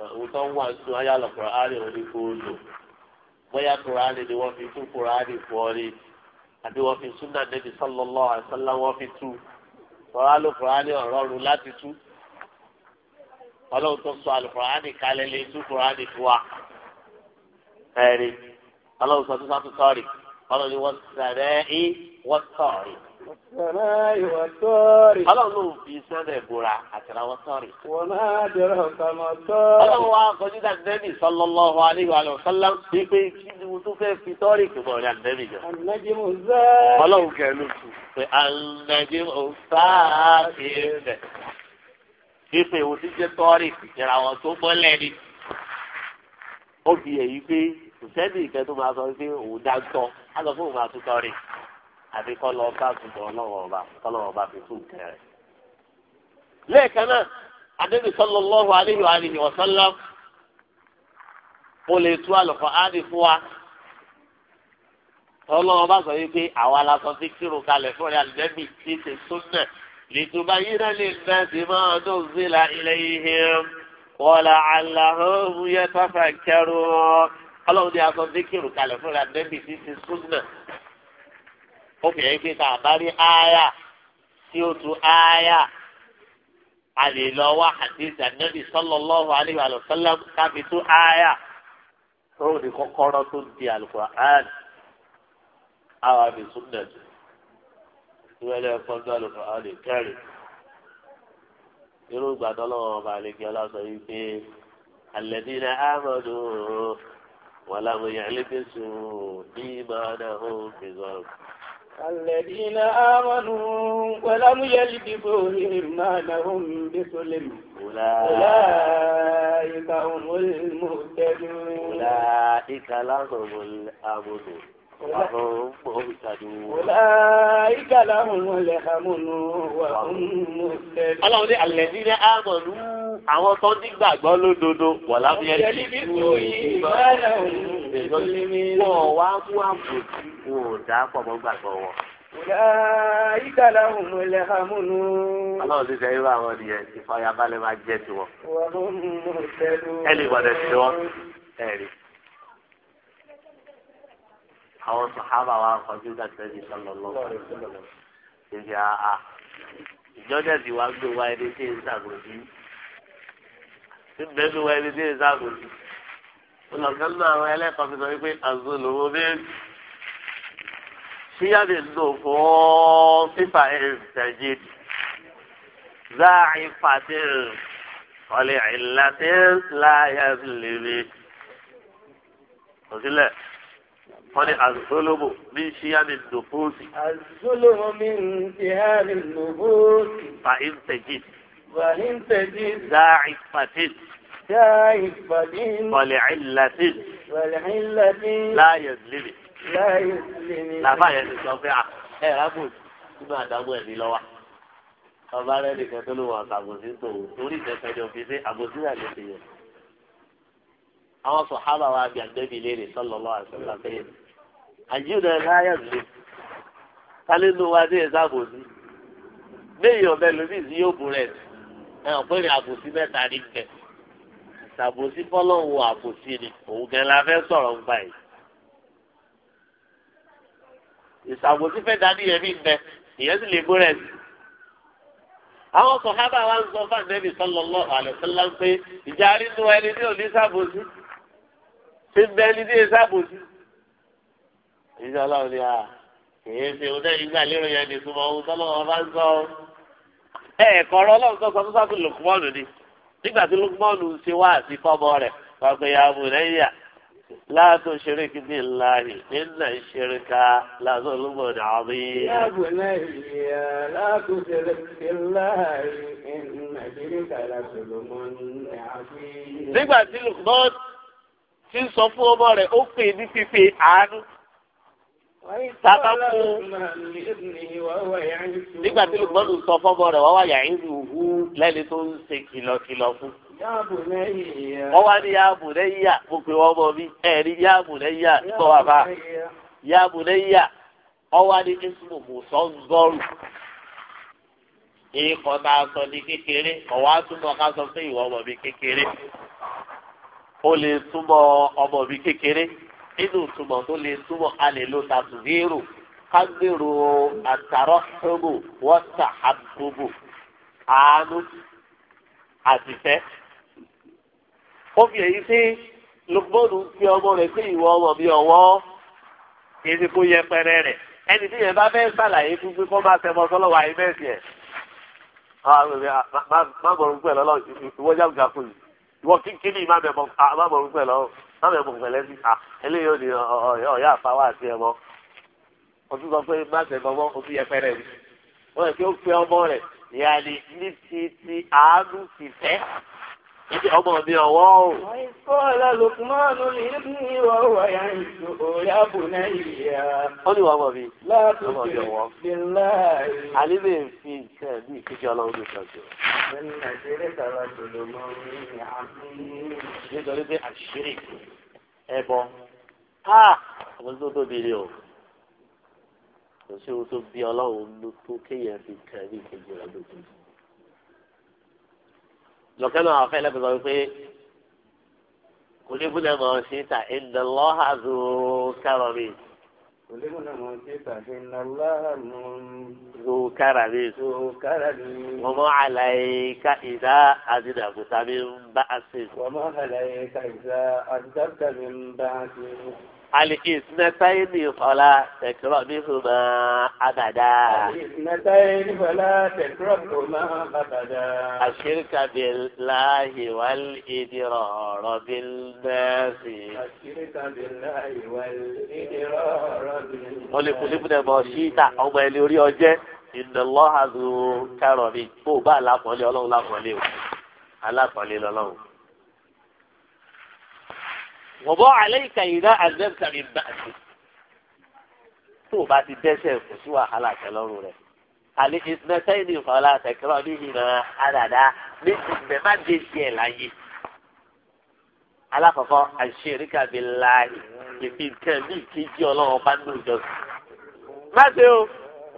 òun tó ń wà ń sun ayálò kùránì òní kò lò bóyá kùránì ni wọ́n fi tú kùránì fún ọ ni àbí wọ́n fi súnà débi sallallahu alaihi wasallam wọ́n fi tú kùránì ló kùránì ọ̀rọ̀ rù láti tú ọlọ́run tó sọ àlùkùránì kalẹ̀ lè tú kùránì fún wa ẹ̀rí ọlọ́run sọ tó sọ tó sọ̀rì ọlọ́run ni wọ́n sẹ̀rẹ̀ í wọ́n sọ̀rì. Ọlọ́run ló fi sẹ́lẹ̀ bora àtàràwọ̀ sọ́ọ̀rì. Wọ́n máa dẹ̀rọ kàmọ́ sọ́ọ̀rì. Ọlọ́run wa kọjú dá Nẹ́bì sallallahu alaihi wa sallam bí pé kí ni mo tún fẹ́ fi tọ́ọ̀rì kò bọ̀ ní Nẹ́bì jọ. Ànájímù sáà. Ọlọ́run kẹ ló tù. Pé ànájímù sáà ti rẹ̀. Fífi ìwò tí jẹ́ tọ́ọ̀rì ìràwọ̀ tó mọ́lẹ̀ ni. Ó fi èyí pé kò sẹ́ni ìkẹ́ tó máa sọ pé òun dá tọ́ á sọ fún òun máa tún tọ́ọ̀rì àbí kọ́ lọ bá tuntun ọlọ́wọ́ ọba kọ́lọ́wọ́ ọba fi tún kẹrẹ. lẹ́ẹ̀kan náà adébí sallallahu alaihi wa alihi wa sallam ó lè tú àlùkò áàdì fún wa ọlọ́wọ́ bá sọ yìí pé àwa la sọ sí kírun kalẹ̀ fún rẹ̀ àlùjẹ́bì tí ṣe súnnà lìtùbá yìí náà lè gbà sí máa tó zila ilayhim wọ́lá aláhùn yẹ tọ́fà kẹrù ọlọ́run ni a sọ sí kírun kalẹ̀ fún rẹ̀ àlùjẹ́bì tí ṣe súnnà ó fi hàn pé tá a bá rí ááyà tí ó tu ááyà a lè lọ wá hadith ànábì sallallahu alaihi wa sallam kábi tú ááyà tó ní kọ́kọ́rọ́ tó di Al-Qur'an àwọn àbí sunnah jù ìwẹ́lẹ̀ ẹ̀kọ́ ní Al-Qur'an lè kẹ́rì irú gbàdọ́ lọ́wọ́ ọba àlejò aláṣọ yìí pé alladhina amanu. ولم يلبسوا إيمانهم بظلم الذين آمنوا ولم يلبسوا إيمانهم بسلم أولئك هم المهتدون أولئك لهم الأمن Ọláìkà láhùn lẹ̀ hàmúnú wà mú lẹ́nu. Ọlọ́run ní àlẹ́ ní ní àmọ̀nú àwọn tó ní gbàgbọ́ lódodo wà lábẹ́ ẹ̀jẹ̀. Ìjẹ́lí bí kò yí ìbára òun. Wọ́n wá mú àbòsí wọn ò dá pọ̀ mọ́ gbàgbọ́ wọn. Ìlàíkà láhùn ilẹ̀ àmúnú. Aláwọ̀ ti àwọn sàhábà wa kọjú dàtẹ́ di sọlọ́lọ́ ṣèṣe àá ìjọ́jà ti wá gbé wa ẹni tí ń ṣàgòdì tí bẹ́ẹ̀ gbé wa ẹni tí ń ṣàgòdì olùkọ́ nínú àwọn ẹlẹ́kọ̀ọ́ fi sọ wípé àzọlọ́wọ́ bẹ́ẹ̀ síyáde lò fún fífa ẹ̀ǹtẹ̀jì záàyè fàtí ọ̀lẹ́ ìlàtí láyà lèwe wọ́n ní azolobo mi ń ṣíyá mi nùbóòsì. azolobo mi ń ṣíyá mi nùbóòsì. fa integi. fa integi. za'i fatin. za'i fatin. wàlẹ̀ cilatin. wàlẹ̀ cilatin. láyé lèmi. láyé lèmi. làbá yẹn ti sọ pé à ah, ẹ rábùn nínú àdámù ẹ̀ ní lọ́wọ́. ọba rẹ nìkan tó ló wà àgbòsí tòun torí ìfẹ́fẹ́ ni òfin ṣe àgbòsí rẹ̀ ló ti yẹ àwọn sọ̀hábà wa bí àgbẹ̀bí léèrè sọ́lọ́lọ́ àṣẹ àjíǹde láyà lè kálínú wa dé ìsáàbò sí méyì ọ̀bẹ lómi sí yóò bu rẹ̀ ẹ ọ̀pẹ́ rẹ̀ àbòsí mẹ́ta ní kẹ ìsàbòsí fọlọ́wọ́ àbòsí ni òun kẹ́ la fẹ́ sọ̀rọ̀ ń gbà yìí ìsàbòsí fẹ́ dání yẹn ní bẹ ìyẹn sì lè bu rẹ̀ sí. àwọn sọ̀hábà wa ń sọ fáńdẹ́bì sallallahu alaihi wasallam pé ìjà rínú ẹni tí ò ní sàbòsí ti bẹ́ẹ̀ ni tí ì sàbòsí ìṣe ọlọ́run ni à kìí ṣe òun tẹ́lẹ̀ ìgbà lérò yẹn ni súnmọ́ ohun tọ́lọ́wọ́ bá ń sọ ọ́. ẹ ẹ̀kọ́ ọ̀rọ̀ ọlọ́run tó sọ fún sáfù lùkùmọ́ọ̀nù ni nígbà tí lùkùmọ́ọ̀nù ṣe wá àti fọ́mọ rẹ̀ pàpẹ́yàmù lẹ́yìn láàtò ṣeré kìíní ńlá yìí nínú ìṣeré ká láàtò olúmọ̀ náà bí. láàbù náà láàtò ṣeré kìíní ńlá yìí nínú ìṣeré ká láàtò olúmọ̀ náà bí. nígbà tí lùkùmọ́ọ̀nù ti sọ fún ọmọ rẹ̀ ó pè ní pípé àánú tata fún nígbà tí lùgbọ́dù sọ fọ́bọ rẹ̀ wọ́n wá yà ń rúhu lẹ́ni tó ń ṣe kìlọ̀kìlọ̀ fún. wọ́n wá ní yáàbù lẹ́yìyà mo pè wọ́n mọ̀ mí ẹ̀ ní yáàbù lẹ́yìyà sọ wà fà yáàbù lẹ́yìyà wọ́n wá ní ismu mùsọ̀nzọ́rù. ikọ̀ tá a sọ ní kékeré ọ̀wá túmọ̀ ká sọ pé ìwọ ọmọ mi kékeré ó lè túmọ̀ ọmọ mi kékeré nínú ìtumọ̀ tó lè túmọ̀ a lè lo tàbíìrù ká gbèrò àtàrọ́sọ́gbò wọ́n sàhábùbù àánú àtìfẹ́. ó fi èyí sí lùgbọ́nù fi ọmọ rẹ̀ pé ìwọ ọmọ mi ọ̀wọ́ kìí ti kó yẹpẹrẹ rẹ̀ ẹni tí yẹn bá fẹ́ sàlàyé fún pé kó máa tẹmọ sọ́lọ́wọ́ àyè mẹ́sì ẹ̀. má bọ̀rù pẹ̀lú ọlọ́run ìwọ́jà gàkúrú ìwọ́ kíkí ní ìmáàmù ẹ̀ má bọ̀rù pẹ̀lú ọlọ́run sábẹ̀ kò pẹ̀lẹ́ sí à eléyìí ò ní ọ̀yá àfáwá àti ẹ̀mọ́ o sọ pé má tẹ̀gbọ́ mọ́ o yẹ pẹ́rẹ́ mi wọ́n yẹ kí ó pe ọmọ rẹ̀ ìyá ni ní ti ti àánú ti fẹ́ ibi ọmọ mi ọwọ́ o. ọ̀la lukumanu ní bí ọwọ́ ya ń sọ orí ó ní wọ́n mọ̀ mi ọmọ mi ọwọ́. àlébè fi nǹkan bí ìkéjì ọlọ́run ló sọ̀tún nítorí pé àṣírí ẹbọ a àwọn tó tóbi rè o kò sí ohun tó bí ọlọ́run ló tó kéèyàn fi kẹ́rí kejì rẹ̀ lójú. lọ́kẹ́nu àwọn afẹ́ lẹ́gbẹ̀ẹ́ sọ wípé kò ní búlẹ̀ mọ̀ ọ́ sí ta ìdánlọ́hàzù kárọ̀rì. ذو كرم ذو كرم وما عليك إذا أذنبت من بأس وما عليك إذا أذنبت من بأس الاثنتين فلا تكرههما أبدا الاثنتين فلا تكرههما أبدا الشرك بالله والإدرار بالناس الشرك بالله والإدرار بالناس قل ابن بشيطة أو يلوري أجي إن الله ذو كرم بو با لا قولي الله لا قولي الله قولي الله wọ́bọ́ àlẹ́yìká ìdá àzẹ́bùtà mi bá ti. tó o bá ti dẹ́sẹ̀ kò sí wàhálà tẹ́lọ́rù rẹ̀. àlẹ́ ìsinẹ́sẹ́ ní ìfọ̀lá àtẹ̀kẹ́rọ̀ nínú náà àdàdà ní ìgbẹ́ má dé sí ẹ̀ láyé. alákọ̀ọ́kọ́ àṣeríkà bí láàyè ìfi nǹkan ní ìkejì ọlọ́run bá ní ìjọ má ṣe o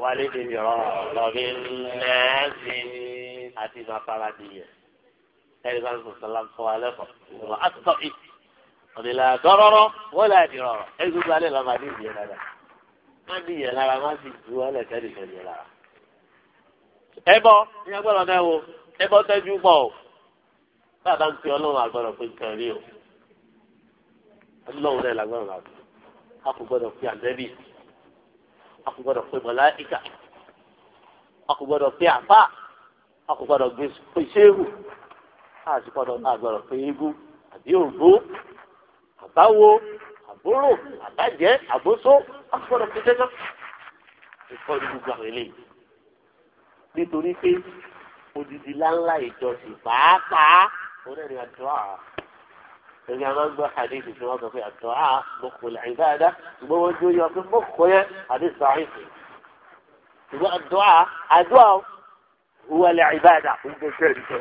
wà lédè yọ̀rọ̀ lọ́bí lẹ́ẹ̀sì àti ìmọ̀ afárá nìyẹn. ẹ̀rí ọ̀dẹ̀là dọ́rọ́rọ́ wọ́n lè àdì rọ̀rọ̀ ẹ gbogbo alẹ́ lọ́ọ́ máa dìyẹ lára máa dìyẹ lára máa sì ju ọlẹ̀ tẹ́lẹ̀ tẹ́lẹ̀ lára. ẹ bọ ní agbọ́dọ̀ náà wo ẹ bọ tẹ́jú pọ̀ o bàbá ń pe ọlọ́run àgbọ̀dọ̀ pé nǹkan rí o ọlọ́run náà làgbọ̀dọ̀ làbọ̀ a kò gbọ́dọ̀ pe àdẹ́bì a kò gbọ́dọ̀ pe mọ̀láìkà a kò gbọ́dọ̀ pe àfà a kò gbọ́dọ̀ pe ṣéwù a sì gbọ́dọ̀ náà gbọ́dọ̀ pe eégún àbí òǹgbó àbáwo àbúrò àbájẹ àbóso àfọdọ pété náà ìkọ́ ní gbogbo àwọn eléyìí nítorí pé odidi láńlá ìjọsìn pàápàá onírin ni àdúrà ẹni a máa ń gbọ́ hadith tí wọ́n sọ pé àdúrà mọ̀kò lẹ́yìn dáadáa ṣùgbọ́n wọ́n jó yọ pé mọ̀kò yẹn hadith sahih ṣùgbọ́n àdúrà àdúrà huwa lẹ́yìn dáadáa ó ń gbé sẹ́yìn tó.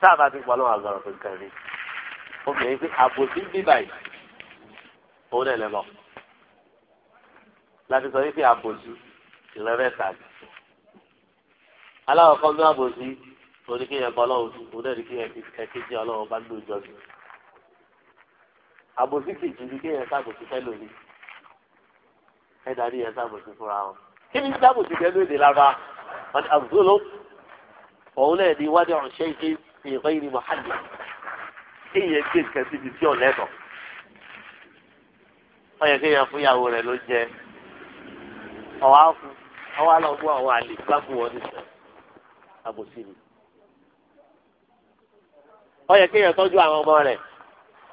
sáà bá ti pọ̀ lọ́wọ́ àgbàrá tó ń kẹrin obìnrin pé àbòsí bí báyìí òun lè lẹ́mọ̀ láti sọ wípé àbòsí ìrẹ́rẹ́ tàbí aláwọ̀ kan ní àbòsí òní kí yẹn bọ́ ọlọ́run tún òun lẹ́rìí kí yẹn kẹ́kẹ́ jẹ́ ọlọ́run bá gbé ìjọ sí àbòsí kìjì ni kí yẹn sábòsí fẹ́ lónìí ẹ darí yẹn sábòsí fúnra wọn kí ni sábòsí fẹ́ lónìí lára wọn àbùsọ̀ lọ òun lẹ́ẹ̀dí wádìí ọ̀ṣẹ́ ìṣe ìrẹ́ ìrìn mọ̀hálì kéèyàn gbé nǹkan síbi tí ọ̀lẹ́dọ̀ wọ́n yẹ kéèyàn fún ìyàwó rẹ̀ ló jẹ ọ̀wá kú ọ̀wá lọ fún àlè gbáko wọn nìkan àbòsí ni wọ́n yẹ kéèyàn tọ́jú àwọn ọmọ rẹ̀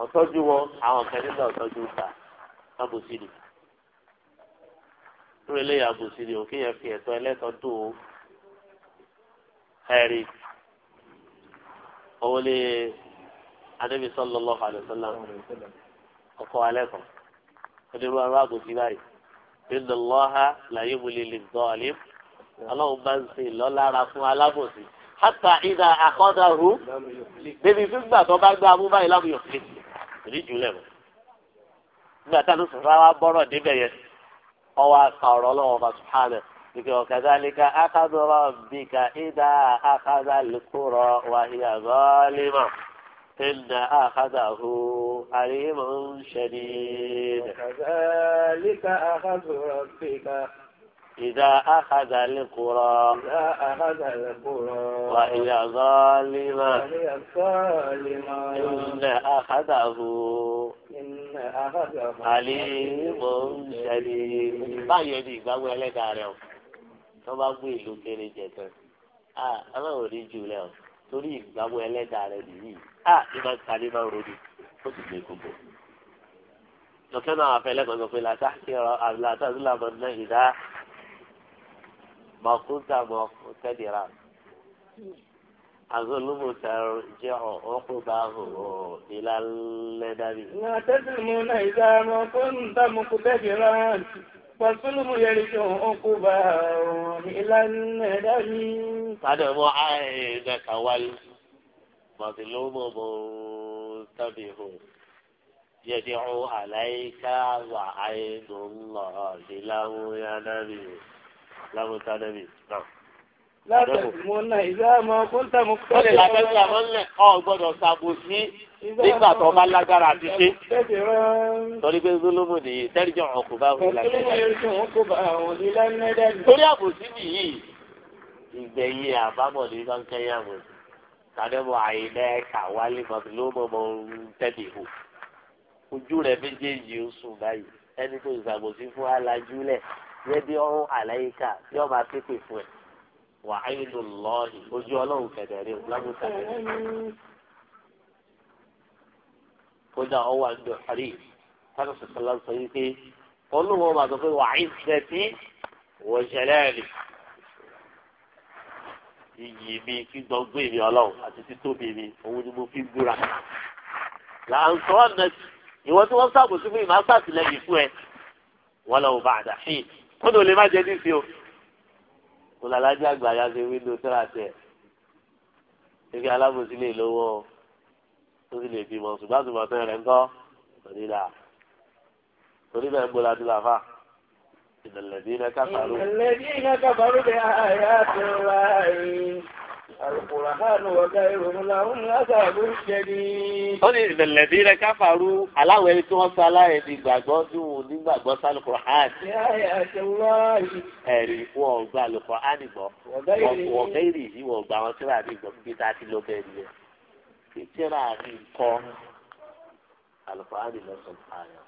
ọ̀tọ́jú wọn àwọn kan ọ̀tọ́jú ta àbòsí ni lórí eléyà àbòsí ni òun kéèyàn fi ẹ̀tọ́ ẹlẹ́tọ́ tó o ẹ̀rí òun adébí sallallahu alaihi wasallam ọkọ alẹ kan ọdẹrú ará àgòsí báyìí inna Allaha la yubli lidh-dhalim ọlọ́run bá ń ṣe ìlọ́lára fún alábòsí hátà ìdá àkọ́dàrú débi fígbà tó bá gbá abúbá yìí lábùyọ̀ fi rí jùlẹ̀ mọ́ nígbà tá a ló sọ fún bọ́rọ̀ débẹ̀ yẹn ọwọ́ àka ọ̀rọ̀ ọlọ́run ọba subhanahu bíkẹ́ ọ̀kadàlíkà akadọ̀rọ̀ bíkà ìdá akadàlíkùrọ̀ wàhíyà zọ́ọ́límọ̀. إن أخذه عليم شديد وكذلك أخذ ربك إذا أخذ القرى إذا أخذ القرى وهي ظالمة وهي ظالمة إن أخذه إن أخذه عليم شديد ما يدي ما ولا دارهم ثم أقول له كيري جدا آه أنا أريد جولهم torí ìgbàwọ ẹlẹ́dàá rẹ nìyí a ní máa ń kalẹ̀ máa ń rodi ó sì gbé gbogbo. lọ́kẹ́ náà àwọn afẹ́lẹ́ kan sọ pé làtà kí ọ̀rọ̀ àlàtà tó làmọ́ náà ìdá mọ̀kúta mọ̀kútẹ́dìrà azolumu sẹrù jẹ ọkùnrin ahùn ìlà lẹ́dàbí. làtà tó làmọ́ náà ìdá mọ̀kúta mọ̀kútẹ́dìrà. فالظلم يرجعك إلى الندم قد وعيدك والمظلوم منتبه يدعو عليك وعين الله لو ينبي لو تنبي نعم Lọ́dẹ̀ làbẹ́sẹ̀ àwọn ńlẹ̀ ọ̀ gbọ́dọ̀ ṣàbòsí nígbà tó bá lágbára àti ṣe. Torí pé Zolomo nìyí tẹ́rìjọ́ ọkọ̀ bá wọn lẹ́gbẹ̀ẹ́. Torí àbòsí nìyí ìgbẹ̀yìn àbámọ̀ ní sọ́ńkẹ́yà mọ̀ sàdẹ́mọ̀ àyìnlẹ́ kàwálé mọ̀tòlómọ̀ mọ̀ tẹ̀lé o ojú rẹ̀ méjèèjì ó sùn báyìí ẹni tó ìṣàbòsí fún alájúlẹ̀ yẹ bí ọ̀hún àlàyé ká yọ máa pépè fún ẹ̀ wà á yìí lò lọ́ọ̀lì ojú ọlọ́run kẹ̀dẹ̀rẹ́ lágbo kẹ̀dẹ̀rẹ́. kódà ọ wà lóde ọ̀hárí táwọn sọ̀tọ̀ lọ sọ yìí pé olùwọ́ máa sọ pé wà á yìí sẹ́tí wọ́n ṣẹlẹ̀ rẹ̀. iyì mi kí gbọ́ngbé mi ọlọ́run àti títóbi mi òun ni mo fi gbúra. là ń sọ ọ̀nà ìwọ tí wọ́n sábò sí fún ìmọ̀ kò làlájú àgbàyà ṣe wíńdò tíra tẹ̀ ṣébi alábòsí lè lówó ó sì lè bímọ ṣùgbọ́n àtùmọ̀ tẹ́ rẹ̀ ń kọ́ torí là torí bẹ́ẹ̀ ń bọ́ ládùúgbò àfà. ìdàlẹ́bí àyà tó wáyé ó ní ìdẹ̀lẹ̀ bí rẹ káfàrú aláwọ̀ ẹni tí wọ́n sọ aláyẹ̀ di gbàgbọ́ tí wọn ò ní gbàgbọ́ sálùkọ̀ hàn. ẹ̀rí wọn ò gba àlùkọ̀ hàn gbọ́ bẹ́ẹ̀rì yìí wọ́n gba àwọn tíra mi gbọ́ bí tá a ti lọ bẹ́ẹ̀ ni ẹ̀ kí tíra mi kọ́ àlùkọ̀ hàn lọ sọ ààyàn.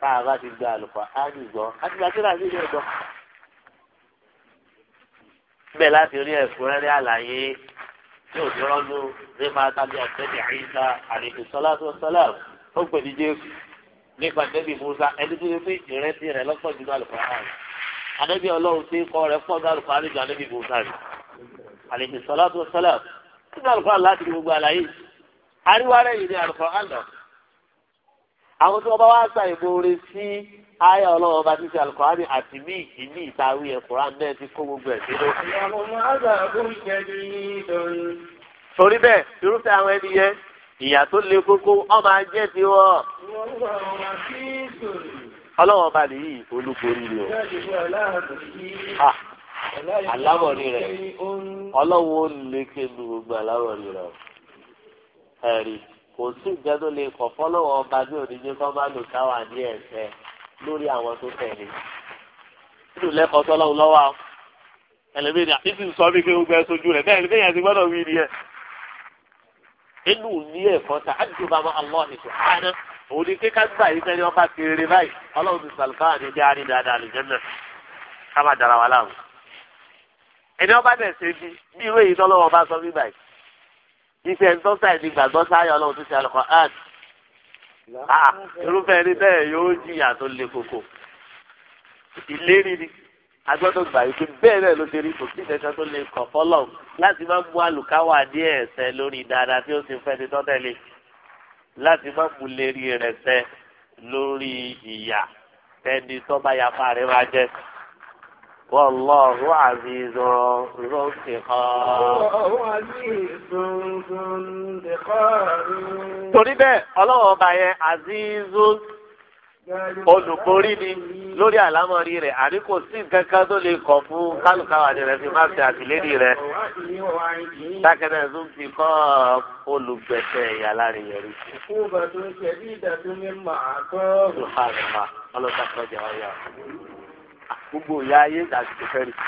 tá a bá ti gba àlùkọ̀ hàn àti gbàtíra mi lọ gbọ́ bẹ́ẹ̀ láti rí ẹ̀kúnrẹ́rẹ́ àlàyé tí ò ní rọ́lú nípa tàbí àtẹ́bí àyíká àlejò sọlá tó sọlá ó pè ní jésù nípa àtẹ́bí musa ẹni tó yẹ pé ìrẹsì rẹ lọ́pọ̀ jù lálùkọ́ àrùn àtẹ́bí ọlọ́run tí kọ́ rẹ pọ̀ lálùkọ́ àrùn jù àtẹ́bí musa rẹ àlejò sọlá tó sọlá tí lálùkọ́ láti gbogbo àlàyé àríwá rẹ yìí ní àlùkọ́ àrùn àwọn tí wọn bá wá sa ìmoore sí ayé ọlọ́wọ́ bá ti ṣe alukurani àti mí ìní ìtawí ẹ̀kúrán náà ti kó gbogbo ẹ̀ sínú. torí bẹ́ẹ̀ irúfẹ́ àwọn ẹni yẹn ìyà tó le koko ọmọ ajé ti wọ́. ọlọ́wọ́ bá lè yí olúborí ah, rẹ̀ alábọ̀rí rẹ̀ ọlọ́wọ́ lè ké gbogbo alábọ̀rí rẹ̀ ẹ̀rí kò sí ìgbẹ́ tó lè kọ̀ fọ́lọ́wọ́ ọba bí òdíje kọ́ bá lò káwà ní ẹ̀sẹ̀ lórí àwọn tó tẹ̀lé. nínú lẹ́kọ̀ọ́ tọ́lọ́run lọ́wọ́ àwọn ẹlẹ́mìí ni àti sọ bí pé gbogbo ẹ sojú rẹ̀ bẹ́ẹ̀ ni bẹ́ẹ̀ yẹn ti gbọ́dọ̀ wí nìyẹn. inú ní ẹ̀kọ́ ta á dùn bàbá Allah nìkan àná òun ni kíkà gbà yìí fẹ́ ni wọ́n bá ti rere báyìí ọlọ́run ti sàlùkáwà iṣẹ́ ńsọ́sà ìdí gbàgbọ́ sáyọ̀ ọlọ́run tó ṣe àlùkò art ah, irúfẹ́ ẹni bẹ́ẹ̀ yóò jìyà tó le koko ìlérí ni agbọ́dọ̀ gbà yìí pé bẹ́ẹ̀ náà ló ṣe rí kò sí tó lè kọ̀ fọ́lọ̀ láti má mú àlùkáwà díẹ̀ ẹ̀sẹ̀ lórí dáadáa tí ó ti fẹ́ ti tọ́tẹ̀lé láti má mú lérí rẹ̀ sẹ́ lórí ìyà tẹ́ni tó bá yapa rẹ̀ máa jẹ́ والله عزيز ذو انتقام. عزيز ذو انتقام. torí bẹ́ẹ̀ ọlọ́wọ́ ọba yẹn azizu olùborí ni lórí àlámọ̀rí rẹ̀ àní kò sí nǹkan kan tó lè kọ̀ fún kálùkáwà ni rẹ̀ fi máa ṣe àtìlẹ́yìn rẹ̀ dákẹ́dẹ̀ tó ń kọ́ olùgbẹ̀sẹ̀ ìyá láre yẹn rí. ìfowópamọ́ tó ń ṣe bí ìdàtúmí máa tọ́. ọlọ́dà kan jẹ́ wáyà gbogbo ìyá ayé àti kẹfẹ́ rẹ̀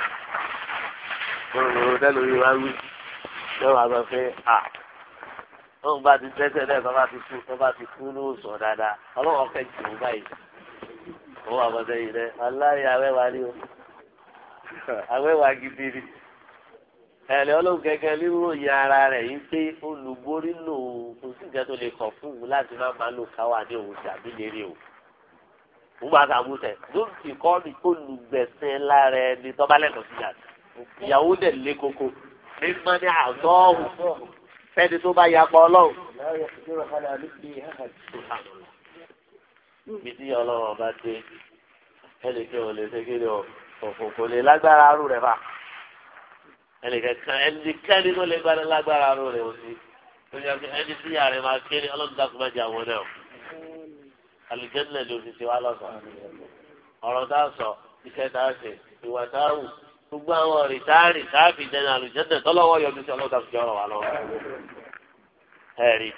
òròrò tẹ́lẹ̀ orí wa wí yóò wá sọ pé à tó ń bá ti tẹ́sẹ̀ náà tó bá ti kú tó bá ti kú ní òsàn dáadáa ọlọ́wọ́ fẹ́ jù ú báyìí ó wà bọ́sẹ̀ yìí rẹ̀ aláàrí awẹ́wà ni o awẹ́wà gidi ni ẹ̀rẹ̀ ọlọ́run gẹ́gẹ́ nínú ìyá ara rẹ̀ yìí pé olùborí lòun kò sí ìjẹ́ tó lè kọ̀ fún òun láti má máa lò káwà ní òun tàbí lérí òun nígbà tá a mú sẹ lóòtì kọ́ ni olùgbẹ̀sẹ̀ lára ẹni tọ́ba lẹ́nu sí yàtọ̀ ìyàwó dẹ̀ lé koko mímọ́ ní àtọ́hùn fẹ́ni tó bá yapa ọlọ́run. ibi tí ọlọ́run bá dé ẹnìkan ò lè ṣe kí ni òfòfò lè lágbára arú rẹ̀ fà ẹnìkan ẹnìkẹ́ni tó lè gbani lágbára arú rẹ̀ òsì tó yẹ kí ẹni tí yàrá máa kéré ọlọ́run dákú má jà wọ́n náà àlùjẹ́lẹ̀ ló fi ṣe wá lọ́sàn-án ọ̀rọ̀ tá a sọ iṣẹ́ tá a ṣe ìwà tá a wù gbogbo àwọn rìtáàrì káàfin dẹ́nu àlùjẹ́lẹ̀ tọ́lọ́wọ́ yọjú sí ọlọ́dà fi ọ̀rọ̀ wà lọ́wọ́ ẹ̀rí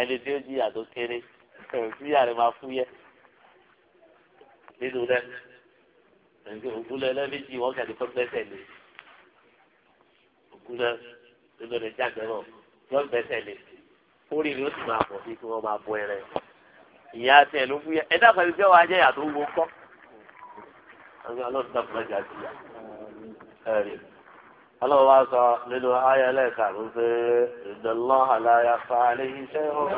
ẹni tí ó jìyà tó kéré ìyá rẹ̀ máa fúyẹ́ nínú rẹ̀ ògúnlẹ̀ lẹ́mẹ́jì wọ́n kẹ́lẹ́ tó gbẹ́sẹ̀ lé ògúnlẹ̀ nínú rẹ̀ yọ gbẹ́sẹ̀ lé orí ni ó sì máa pọ̀ sí kí wọ́n máa bọ ẹrẹ. ìyá tiẹ̀ ló fúyẹ́ ẹ dábàá ibi tí wọ́n ajẹ́ yàtọ̀ owó kọ́ ọjọ́ ọlọ́run jà sí ya ẹ̀rí ọlọ́run wá sọ nínú ayé ẹlẹ́ẹ̀ka ló ìdánlọ́ àlàyé fàálẹ̀ iṣẹ́ ọ̀rọ̀.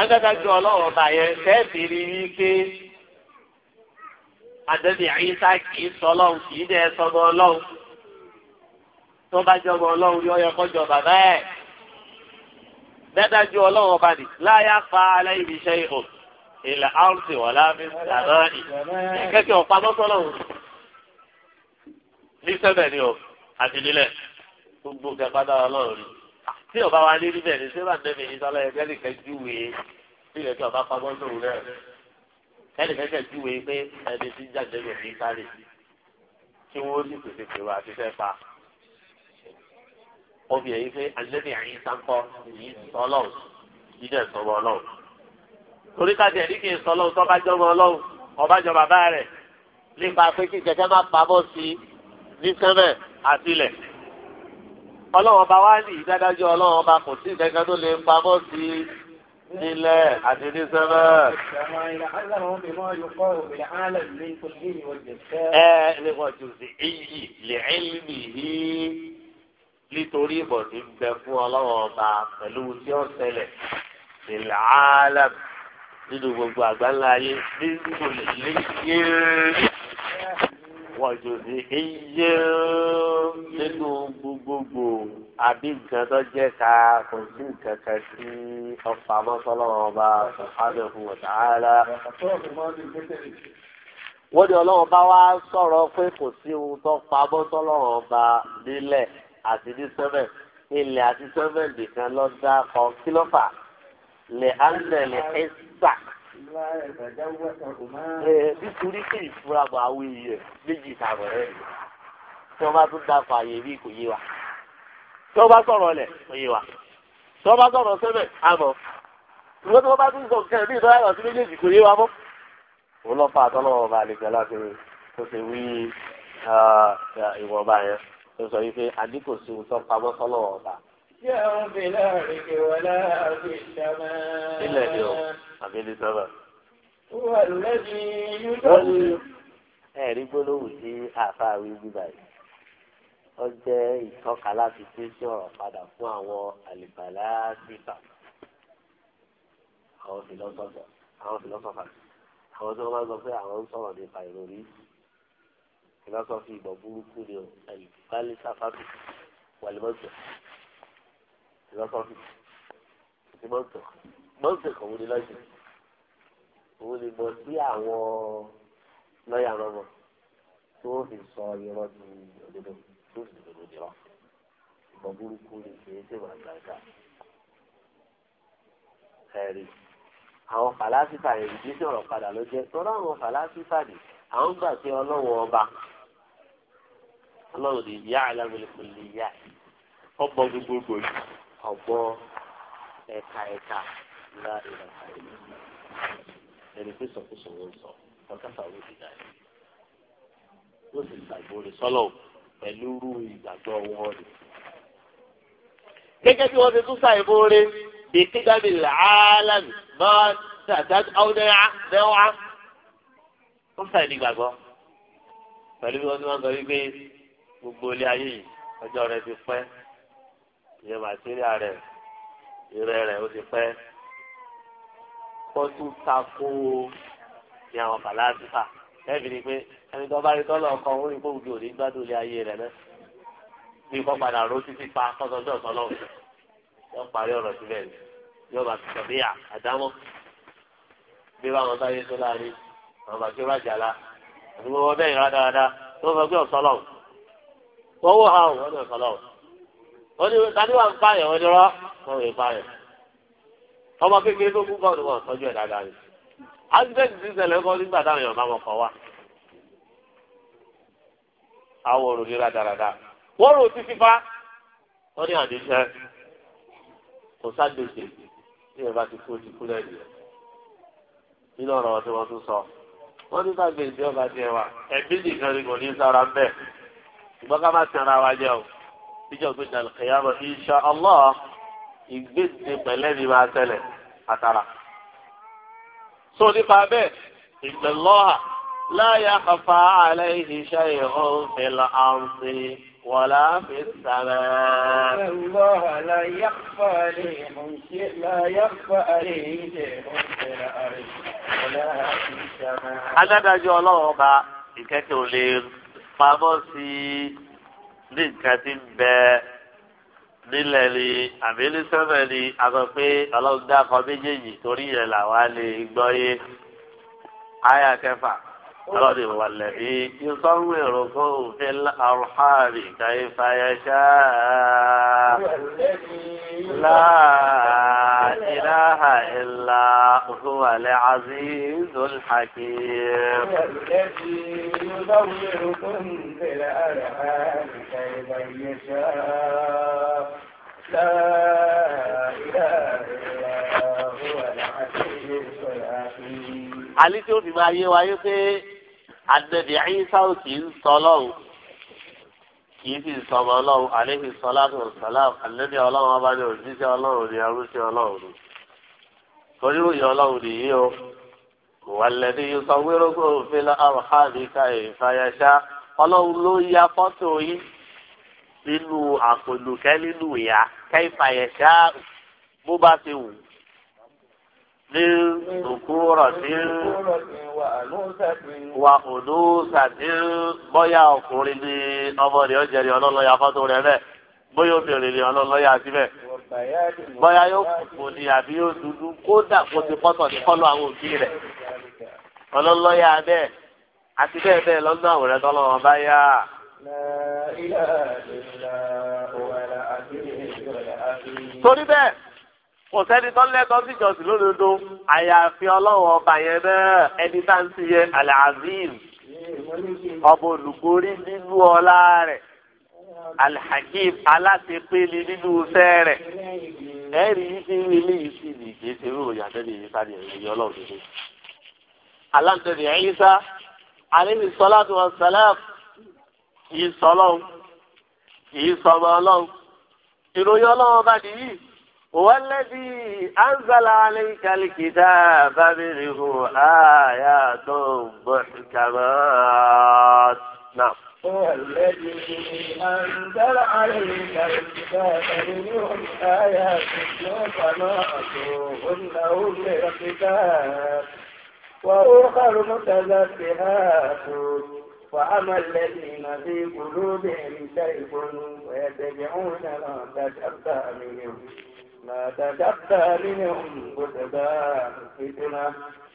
agbada ju ọlọ́run ọba yẹn rí i pé kì í sọ ọlọ́run kì í dẹ́ ọlọ́run tó bá ọlọ́run yọ ọyọ kọjọ bàbá dájú ọlọ́run ọba ni láyà fa alẹ́ ibi iṣẹ́ ihò ìlà áùtì wà láàbí àná ì kẹ́kẹ́ ọ̀pá lọ́sọ̀lọ́run ní sẹ́bẹ̀ ni o àti nílẹ̀ gbogbo kẹfà dára lọ́rùn ni tí ọba wa ní níbẹ̀ ni sẹ́bà nẹ́mi ní sálẹ̀ ẹgbẹ́ nìkan júwe sílẹ̀ tí ọba pamọ́ sóhun náà ẹnì kẹ́kẹ́ júwe pé ẹni tí jáde lòdì sáré tí wọ́n sì pèsè pèrò àti fẹ́ obìnrin yìí pé alẹ́bí àyín sáńkọ́ yìí sọ lọ́wọ́ jíjẹ́ sọ̀rọ̀ ọlọ́wọ́ torí ká tiẹ̀ ní kí n sọ lọ́wọ́ tó bá jọmọ ọlọ́wọ́ ọba jọ bàbá rẹ̀ nípa pé kí kẹ̀kẹ́ má pamọ́ sí i ní sẹ́mẹ̀ àti ilẹ̀ ọlọ́wọ́ bá wá ní ìdádájọ́ ọlọ́wọ́ bá kò sí ìdẹ́gẹ́ tó lè pamọ́ sí i nílẹ̀ àti ní sẹ́mẹ̀. ẹ ẹ lè wọ́n jù sí iyì lè ẹ́ lè mí yìí nítorí ìbọ̀dé ń bẹ fún ọlọ́wọ́ ọba pẹ̀lú tí ó ṣẹlẹ̀ ìlà áálà nínú gbogbo àgbáńlá ayé nínú ìléyé wọ̀jọ̀ ní iye nínú gbogbogbò àbí nǹkan tó jẹ́ ká kò sí nǹkan kan sí ọ̀pá mọ́sọ́lọ́wọ́ ọba sọ̀fádẹ́ fún ọ̀tá áálà wọ́n ní ọlọ́wọ́ bá wá sọ̀rọ̀ pé kò sí ohun tó pa mọ́sọ́lọ́wọ́ ọba nílẹ̀ àti ní ilẹ̀ àti sẹ́mẹ̀ nìkan lọ dá ọ kí ló alẹ́ lè ẹ́ sà. nítorí pé ìfura bọ̀ àwọn èèyàn méjì tààrọ̀ rẹ̀ tí wọ́n bá tún dá ọ àyè rí kò yé wa tí wọ́n bá sọ̀rọ̀ lẹ̀ kò yé wa tí wọ́n bá sọ̀rọ̀ sẹ́mẹ̀ àmọ́ ìwé tí wọ́n bá tún sọ nǹkan ní ìdọ́rà ìwà sí méjèèjì kò yé wa mọ́. òun lọ fà àtọ́lọ́wọ́ ọba àlejò aláṣẹ tó ṣe wí ah, ìwọ̀nba yẹn tó sọ yìí pé àdínkù sí ìwúsọ pamọ́ sọ́lọ́ ọ̀tá. ilẹ̀ ni o àbí ní sábà. ẹ̀rí gbólóhùn sí àáfàá wí bíbá yìí ó jẹ́ ìtọ́ka láti pín sí ọ̀rọ̀ padà fún àwọn àlìbàlá sísà àwọn fìlọ́sọ̀fà àwọn tí wọ́n bá gbọ́ pé àwọn ń sọ̀rọ̀ nípa ìròrí philosophy ìbọn burúkú ni o àlùfáàlì sáfàfì wàlúmọ́tò philosophy ti mọ́tò mọ́tò kan wọlé lọ́jọ́ òun lè bọ́ sí àwọn lọ́ọ̀yà rọ́bọ̀ tó fi sọ irọ́ di òdodo tó sì dodo di ìbọn burúkú ni kì í ṣèwà gbàgbà ẹ̀rí àwọn fàlásífà yẹn ìdí sí ọ̀rọ̀ padà ló jẹ́ tọ́lá àwọn fàlásífà ni àwọn gbà pé ọlọ́wọ́ ọba ọlọ́run lè yá alámìlẹ́kùn lè yá ọgbọ́n gbogbogbò ọgbọ́n ẹ̀ka ẹ̀ka ńlá ìrànlá ìlú ẹni pé sọkúsọ wọn sọ ọkàtà wọn ti dàrí wọn sì gbàgbọ́ rẹ sọlọ pẹ̀lú rú ìgbàgbọ́ wọn rẹ. gẹ́gẹ́ bí wọ́n ti tún ṣàìbò rẹ bí kíkàbí làálàmì máa tàdájú ọ̀dẹ́yà mẹ́wàá. wọ́n ṣàìdí gbàgbọ́ pẹ̀lú bí wọ́n ti máa ń sọ wípé gbogbo ilé ayé yìí ọjọ́ rẹ̀ ti pẹ́ ìyẹn màtíríà rẹ̀ ìrẹ́ rẹ̀ ó ti pẹ́ kọ́tù takò ní àwọn fàlásífà ẹ̀bì ni pé ẹni tó bá rí tọ́lọ̀ kan ó rí kó gbòòrò gbádùn ilé ayé rẹ̀ náà bí kò padà ró títí pa kọ́sọ́jọ́ sọ́lọ́ yóò parí ọ̀rọ̀ síbẹ̀ ni yóò bá sọ bí àdámọ́ bí báwọn sáyé tó láàrin àwọn bàtí ó bá jà la àdúgbò wọn bẹ́ẹ̀ rà tó fẹ́ gbé ọ̀sọ́lọ́ọ̀. fọwọ́ ha ò wọ́n náà kọ́ lọ́wọ́ wọ́n tani wà ń pààyàn wọ́n ní rọ́ wọ́n ò pààyàn ọmọ kékeré tó kú tọ́jú ẹ̀ dáadáa ni accident ti nígbà táwọn èèyàn bá wọn kọ́ wa àwọn òrò nira wọ́n rò títí fa wọ́n ní kò ní bá ti kú ti kú lẹ́yìn rẹ̀ nínú ọ̀rọ̀ tí wọ́n tún sọ wọ́n ní ọba tiẹ̀ wa ẹ̀mí nìkan ṣùgbọ́n ká má tẹ̀ra wa jẹ́ o ìjọ gbèsè àlùkìyàmọ̀ insha allah ìgbésẹ̀ pẹ̀lẹ́ ni máa tẹ̀lẹ̀ àtàrà. so nípa bẹ́ẹ̀ ìgbẹ̀lọ́hà láyà kàfà àlẹ́ ìṣe ìhùn fìlà àǹtí wàlá fi sàrẹ̀. ìgbẹ̀lọ́hà láyà kàfà àlẹ́ ìṣe ìhùn fìlà àǹtí wàlá fi sàrẹ̀. adájọ́ ọlọ́run ọba ìkẹ́kẹ́ ò lè rú pamọ́ sí ní nǹkan tí ń bẹ nílẹ̀ ni àbí ní sẹ́mẹ̀ ni a sọ pé ọlọ́run dákọ méjèèjì torí yẹn làwọn á lè gbọ́ yé àyà kẹfà. رضي الله الذي يصوركم في الأرحام كيف يشاء لا إله إلا هو العزيز الحكيم الذي يصوركم في الأرحام كيف يشاء لا إله àlè tí ó fi máa yé wáyé pé àdẹ̀dẹ̀ ayíṣáwò kì í sọ ọlọ́run kì í sì sọ ọmọ ọlọ́run àléhi sọláàtù sàlám àlẹ́bí ọlọ́run ọba ní òjíṣẹ́ ọlọ́run ní arúṣẹ́ ọlọ́run ní. torí òye ọlọ́run nìyí o wàlẹ́dí yusọ wírógò fílà àrùhábì ká ìfàyàṣá ọlọ́run ló ya fọ́tò yín nínú àpòlùkẹ́ nínú ìyá ká ìfàyàṣá bó bá ti wù ú. من ذكورة وأنوثة bóyá ọkùnrin ni ọmọ rẹ̀ ọ̀jẹ̀rẹ̀ ọlọ́lọ́ ya fọ́tò rẹ̀ bẹ́ẹ̀ bóyá obìnrin ni ọlọ́lọ́ ya sí bẹ́ẹ̀ bóyá yóò kò ní àbí yóò dúdú kódà kò ti pọ́tọ̀ ní kọ́lọ́ àwọn òbí rẹ̀ ọlọ́lọ́ ya bẹ́ẹ̀ àti bẹ́ẹ̀ bẹ́ẹ̀ lọ́nà àwòrán tọ́lọ́wọ́n bá yá. torí bẹ́ẹ̀ kò sẹ́ni tó lẹ́tọ́ sí ìjọsìn lódodo àyàfi ọlọ́run ọba yẹn náà ẹni tá ń ti yẹ alazim ọba olùkórí nínú ọlá rẹ̀ alhakim alásèpéle nínú iṣẹ́ rẹ̀ ẹ̀rí ife ilé yìí sì ní kìí ṣe irú yìí sáré ẹ̀rí ọlọ́run tó dé. aláǹtẹ̀lẹ̀ ẹ̀yìn sá alẹ́mi sọlá tó wọn sẹlẹ̀ kìí sọ ọlọ́run kìí sọ ọmọ ọlọ́run ìròyìn ọlọ́run bá nìyí. والذي أنزل عليك الكتاب منه آيات محكمات نعم هو الذي أنزل عليك الكتاب منهم آيات محكمات هن وأما الذين في قلوبهم شيء ويتبعون ما تشبه منهم ما تكفى منهم بتبان فتنة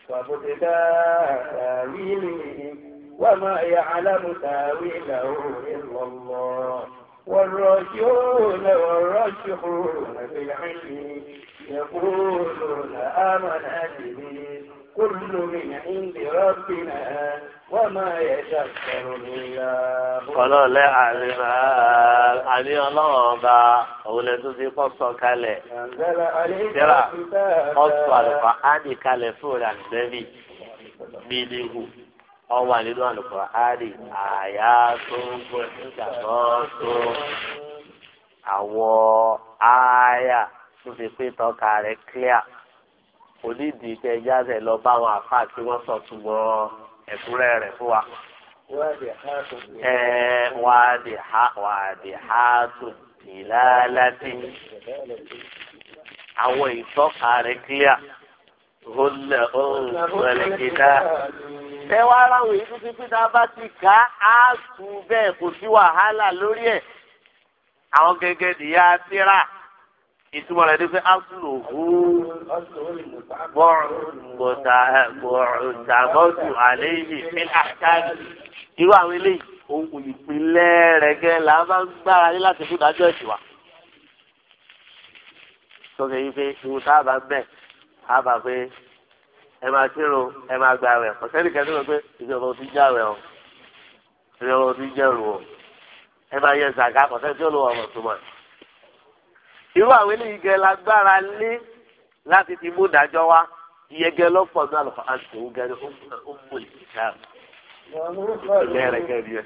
وبتبان تاويله وما يعلم تاويله إلا الله والرسول والراشحون في العلم يقولون آمنا به كل من عند ربنا وما يشكر إلا Ọlọ́run lẹ́ àríwá àní ọlọ́run ọba òun lẹ́tún ti kọ́ sọ kalẹ̀. Tẹ́lá ọ̀sọ̀ àlùfà áàdì kalẹ̀ fún rẹ̀ àtẹ́bí bíi níhu. Ọwọ́ àlínú kò ní ìdí kẹ jáde lọ bá àwọn àfa tí wọ́n sọ túbọ̀ ẹ̀kúnrẹ́ rẹ̀ fún wa. wàdí ha wàdí ha tó bìlá láti àwọn ìtọ́ka rẹ̀ clear hólẹ̀ ọ̀rẹ́ kìdá. ẹ wá ráwọn èyí tó ti pín tá a bá ti ká á tù bẹ́ẹ̀ kò sí wàhálà lórí ẹ̀ àwọn gẹ́gẹ́ nìyá tíra ìtumọ̀ rẹ̀ ni pé asùlù hu bọ̀ọ̀tàbọ̀tù àléyìn fílàkàdì irú àwọn eléyìí ohun ìpínlẹ̀ rẹ̀ gẹ́ là bá ń gbára ní láti fún ìdájọ́ ẹ̀sìn wa. sọ́kè yìí pé ìwò tá a bá bẹ̀ a bá pé ẹ máa kírun ẹ máa gba rẹ̀ ọ̀sẹ̀ nìkan tó lọ pé ìjọba òfin já rẹ̀ o ìjọba òfin jẹ̀rù o ẹ máa yẹ zàgá ọ̀sẹ̀ tí ó lọ wà mọ̀ ẹ̀ irú àwọn eléyìí gẹ lágbára lé láti ti mú dájọ́ wá iyẹgẹ lọ́pọ̀ náà lọ́pọ̀ àti òun gẹ́gẹ́ ó mú ìdíkà ìlẹ́rẹ̀ gẹ́gẹ́ rẹ̀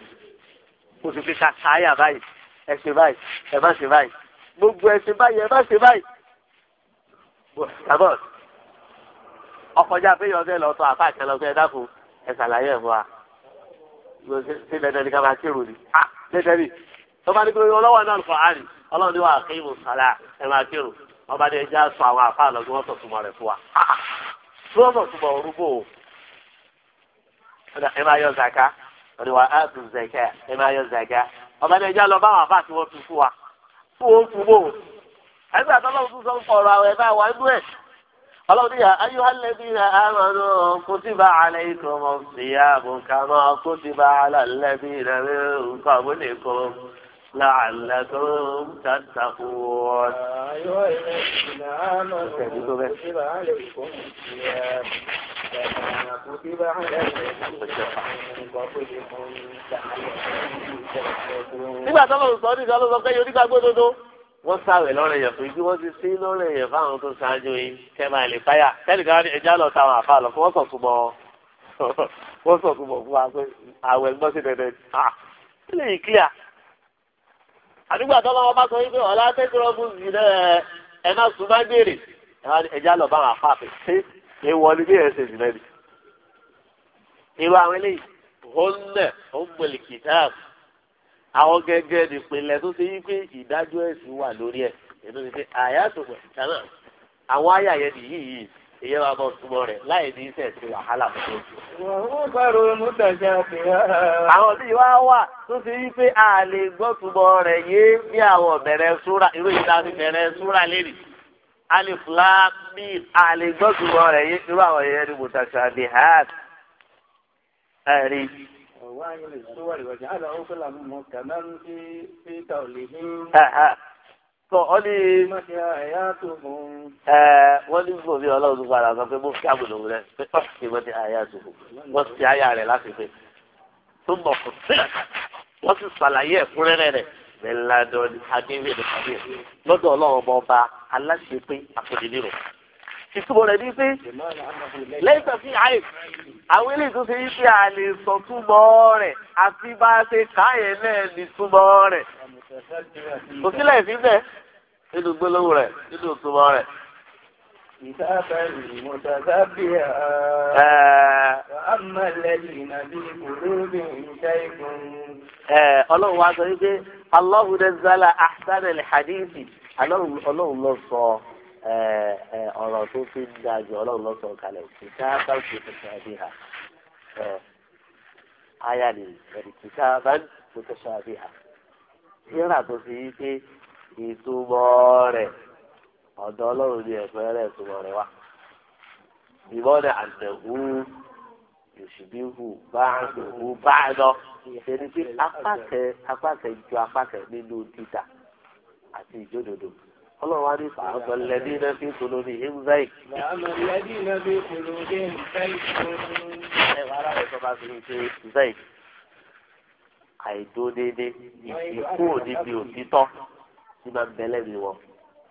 kó sì fi ṣàṣàyà báyìí ẹ ṣe báyìí ẹ má ṣe báyìí gbogbo ẹ ṣe báyìí ẹ má ṣe báyìí. Ṣàbọ̀ ọkọjá pé yọ̀ọ́dẹ́ lọ sọ àfa àkẹlọ́gbẹ́ ẹ dákun ẹ ṣàlàyé ẹ̀ fún wa. Ṣé dandan ni ká máa kírun Ah dandan ni. Tọ́ba ní kí ló yọ ọlọ́wọ́ náà lọ́kọ̀ àárín. ọlọ́run ní wàá kéwòn sálà ẹ máa kírun wọn bá dé ẹjá sọ àwọn àfa àlọ́ kí túmọ̀ rẹ̀ fún wa tí wọ́n túmọ̀ orúkọ o ẹ máa yọ zaka ọ̀dọ̀ wa zaka ẹ máa yọ zaka ọba dé ẹjá lọ bá àwọn àfa àti wọn tu fún wa fún wọn fún bò ẹgbẹ́ àtọ́lọ́run tún sọ ń fọ̀rọ̀ àwọn ẹ̀fẹ́ àwọn ẹgbẹ́ ẹ̀ ọlọ́run níyà ayọ́ alẹ́bíyà àmọ́nù alẹ́ ikọ̀ mọ̀ síyà bùkà mọ́ kùtìbà alẹ́ لعلكم تتقون nígbà tó lọ́rùn sọ nígbà tó sọ pé yorùbá gbódodo wọ́n sáré lọ́rẹ̀ yẹn fún ibi wọ́n ti sí lọ́rẹ̀ yẹn fáwọn tó ṣáájú yìí kẹ́mà lè fáyà kẹ́nìkan ní ẹja lọ táwọn àfa lọ fún wọ́n sọ̀ túbọ̀ wọ́n sọ̀ túbọ̀ fún wa pé àwẹ̀ gbọ́sí dẹ́dẹ́ ah kí lè yí clear àdúgbò àtọ́lọ́wọ́ bá sọ wípé ọ̀la tẹ́kọ̀rọ́bù zìlẹ̀ ẹ̀ náà sùn bá gbèrè ẹ̀já lọ bá wà fáàpẹ̀ ṣé ẹ wọlé bí ẹ̀ṣẹ̀ zìlẹ̀ ni. irú àwọn eléyìí hónẹ̀ ọ̀gbẹ̀lì kìtáàb àwọn gẹ́gẹ́ nípìnlẹ̀ tó ṣe wípé ìdájọ́ ẹ̀sìn wà lórí ẹ̀ ètò ìṣe àyàtọ̀ pẹ̀ èyí wà bọ̀ túbọ̀ rẹ̀ láì ní sẹ̀ sí wàhálà fún un. àwọn tí wàá wà tó ti rí pé a lè gbọ́ túbọ̀ rẹ̀ yé bí àwọn bẹ̀rẹ̀ súra irú yìí láti bẹ̀rẹ̀ súra lérì alif lam a lè gbọ́ túbọ̀ rẹ̀ yé irú àwọn yẹn ni mutashabihat ẹ̀rí. ọ̀wá yìí lè sọ́wọ́ ìrọ̀jà àlọ́ òkúlà mọ̀ kàmẹ́rù sí sí tàwùlì tọ ọ ẹ wọ́n ní bòbí ọlọ́run tó padà sọ pé mo fi àbùdó rẹ pé ọ̀ kí wọ́n ti àyà tó kù wọ́n ti àyà rẹ̀ láti pé tó mọ̀ fún sílẹ̀ wọ́n sì ṣàlàyé ẹ̀kúnrẹ́rẹ́ rẹ̀ bẹ́ẹ̀ ládọ́ni adéwìn lọ́dọ̀ ọlọ́run ọba aláṣepé àpòdìdírò. ìtumọ̀ rẹ̀ ní pé lẹ́yìn tó fi àwọn eléyìí tó ṣe yí pé a lè sọ túbọ̀ rẹ̀ àti bá a ṣe ká náà ní túbọ̀ rẹ̀ kò sílẹ̀ sí nínú gbólóhùn rẹ̀ nínú túbọ̀ rẹ̀. Ọlọ́run wa sọ wípé Allahu nazzala ahsanal hadithi, Ọlọ́run lọ sọ. ọ̀rọ̀ tó fi da jù ọlọ́run lọ́sọ̀ kalẹ̀ kìkà bá ń tẹ̀sán àbí ha aya lè ẹ̀rì kìkà bá ń tẹ̀sán àbí ha yíra tó fi yí pé ìtumọ̀ rẹ̀ ọ̀dọ̀ ọlọ́run ní ẹ̀fẹ́ rẹ̀ ìtumọ̀ rẹ̀ wá ìmọ̀lẹ̀ àdẹ̀hù yòṣìbíhù báàdùhù báàdọ̀ ìṣẹ́ni pé apákẹ́ apákẹ́ ju apákẹ́ nínú títà àti ìjódodo ọlọ́run wá ní fàáfọ́ lẹ́bí náà fi kúló ní himzai. lẹ́bí náà fi kúló ní himzai. ẹ wàá rà ẹ̀sọ́ bá fi ń ṣe himzai. àìdó déédé ìkú òdi bí òtítọ́ tí máa ń bẹ lẹ́bi wọn.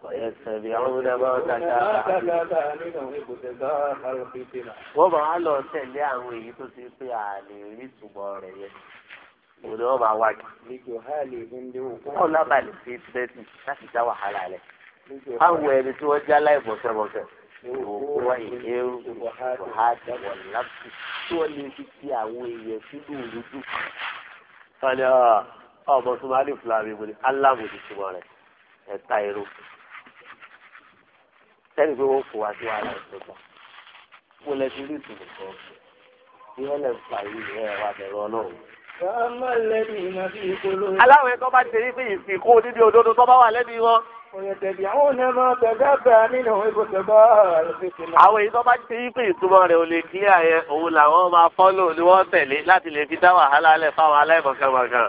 ọ̀yẹ́ sẹ̀bi àwọn ọmọdé máa ń tàkà wọ́n máa lọ tẹ̀lé àwọn èyí tó ti pé àlè rí ìtumọ̀ rẹ̀ yẹn òde wọn máa wá kí. ọlọ́balẹ̀ fi bẹ́ẹ̀ láti dá wàhálà rẹ̀ àwọn ẹni tí wọ́n jálá ìbọ̀sẹ̀bọ̀sẹ̀ òkúwa ìhẹ́rù buhari wọ̀lápù tí wọ́n lè fi ti àwọn èèyàn sínú òdodo. sani ah, ọmọ sumali fúlàmì mo ni alamu ti túmọ̀ rẹ̀ ẹ̀ta irú sẹ́ni pé wọ́n kó wa sí wàhálà ìjọba mo lẹ ti rí ìtumọ̀ kan bí wọ́n lè fa ìlú rẹ̀ wà bẹ̀rẹ̀ ọlọ́run. aláwọ̀ ẹ̀kọ́ bá ti rí pé ìsìnkú nídìí òdodo tó bá wà lẹ́nu wọn. Àwọn èyí tó bá ti yí pé ìtumọ̀ rẹ̀ ò lè kílẹ̀ àyẹ òun làwọn máa fọ́lò ni wọ́n tẹ̀lé láti lè fi dá wàhálà lẹ̀ fáwọn aláìmọ̀kànmọ̀kàn.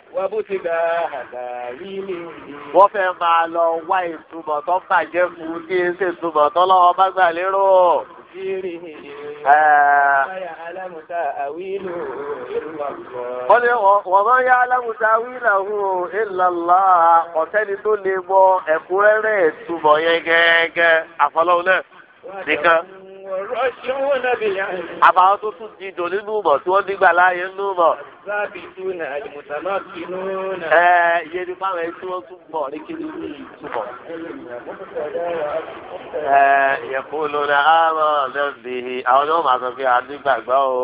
Wọ́n fẹ́ máa lọ wá ìtumọ̀ tó bàjẹ́ fún kí n ṣètumọ̀ tó lọ́wọ́ bá gbà lérò. wọ́n ní wọ́n máa ń yá alámùtá wílà hù ìlàlá ọ̀tẹ́ni tó lè mọ ẹ̀kúnrẹ́rẹ́ ìtumọ̀ yẹn àbáwọn tó tún di dò nínú mọ̀ tí wọ́n nígbà láàyè nínú mọ̀. ẹ iye ní báwọn ẹni tí wọ́n tún bọ̀ ní kí ni wọ́n yìí túbọ̀. ẹ yẹ̀kọ́ lórí àárọ̀ lẹ́bi àwọn ni wọ́n máa sọ pé a nígbàgbọ́ o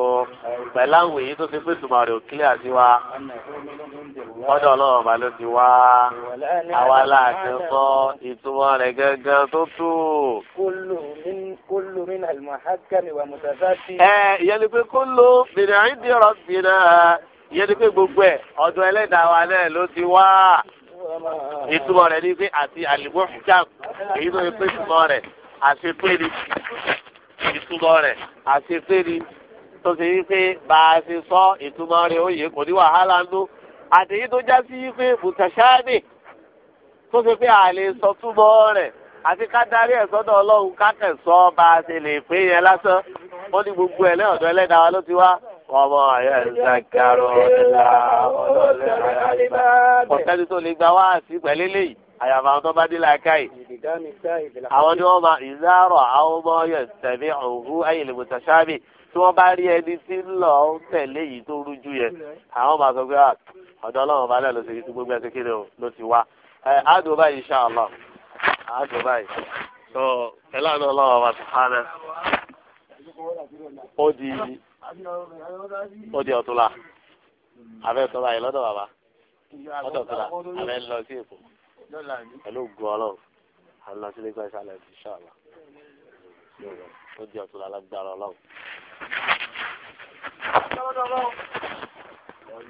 pẹ̀lú àwọn èyí tó ti pèsè màrí òkílẹ̀ àti wa ọ̀dọ̀ Ọlọ́run ọba ló ti wá àwa láti sọ ìtumọ̀ rẹ̀ gẹ́gẹ́ tó tù. kólú mi nà lùmọ̀ hákàmì wà mùsàfà sí. ẹ ìyẹn ni pé kólú bìnrin àìdí ọ̀rọ̀ bìnrin ìyẹn ni pé gbogbo ẹ̀ ọ̀dọ̀ ẹlẹ́dàá wa náà ló ti wá ìtumọ̀ rẹ̀ ni pé àti àlìmọ́ hijab èyí ló ń pè ìtumọ̀ rẹ̀ àti pé ni ìtumọ̀ àti pé tó ṣe wípé bá a ṣe sọ ìtumọ̀ rẹ̀ ó yẹ kò ní wàhálà ń dún àtẹ̀yí tó já sí pé bùtàṣáàdì tó ṣe pé àlè sọ túbọ̀ rẹ̀ àti ká darí ẹ̀ sọ́dọ̀ ọlọ́run kákẹ́ sọ bá a ṣe lè pé yẹn lásán ó ní gbogbo ẹ̀ lẹ́ọ̀dọ́ ẹlẹ́dàá wa ló ti wá ọmọ ẹ̀ ṣàkàrọ̀ ọ̀dà ọ̀dọ̀ ọ̀sẹ́ni tó lè gba wá sí pẹ̀lú eléyìí àyàfà àwọn bá dé làákàyè àwọn ni wọ́n máa ìzárọ̀ àwọn ọmọ yẹn tẹ̀lé tí wọ́n bá rí ẹni tí ń lọ tẹ̀lé yìí tó rújú yẹn àwọn máa sọ pé ah, ọ̀dọ̀ ọlọ́run balẹ̀ ló ti fi gbogbo ẹ̀ kékeré o ló ti wá ẹ àdùn báyìí ṣáàlọ́ àdùn báyìí tó ẹlẹ́ àná ọlọ́run ọba sùhánà ó di ó di ọ̀túnla abẹ́ tọ́lá yìí lọ́dọ̀ bàbá lọ́dọ̀ tọ́lá abẹ́ lọ sí èkó pẹ̀lú ògùn ọlọ́run àlọ́ sílé gbẹ́sàlẹ̀ ṣáàlọ́ ó di ọ̀tún lálágbára ọlọ́run.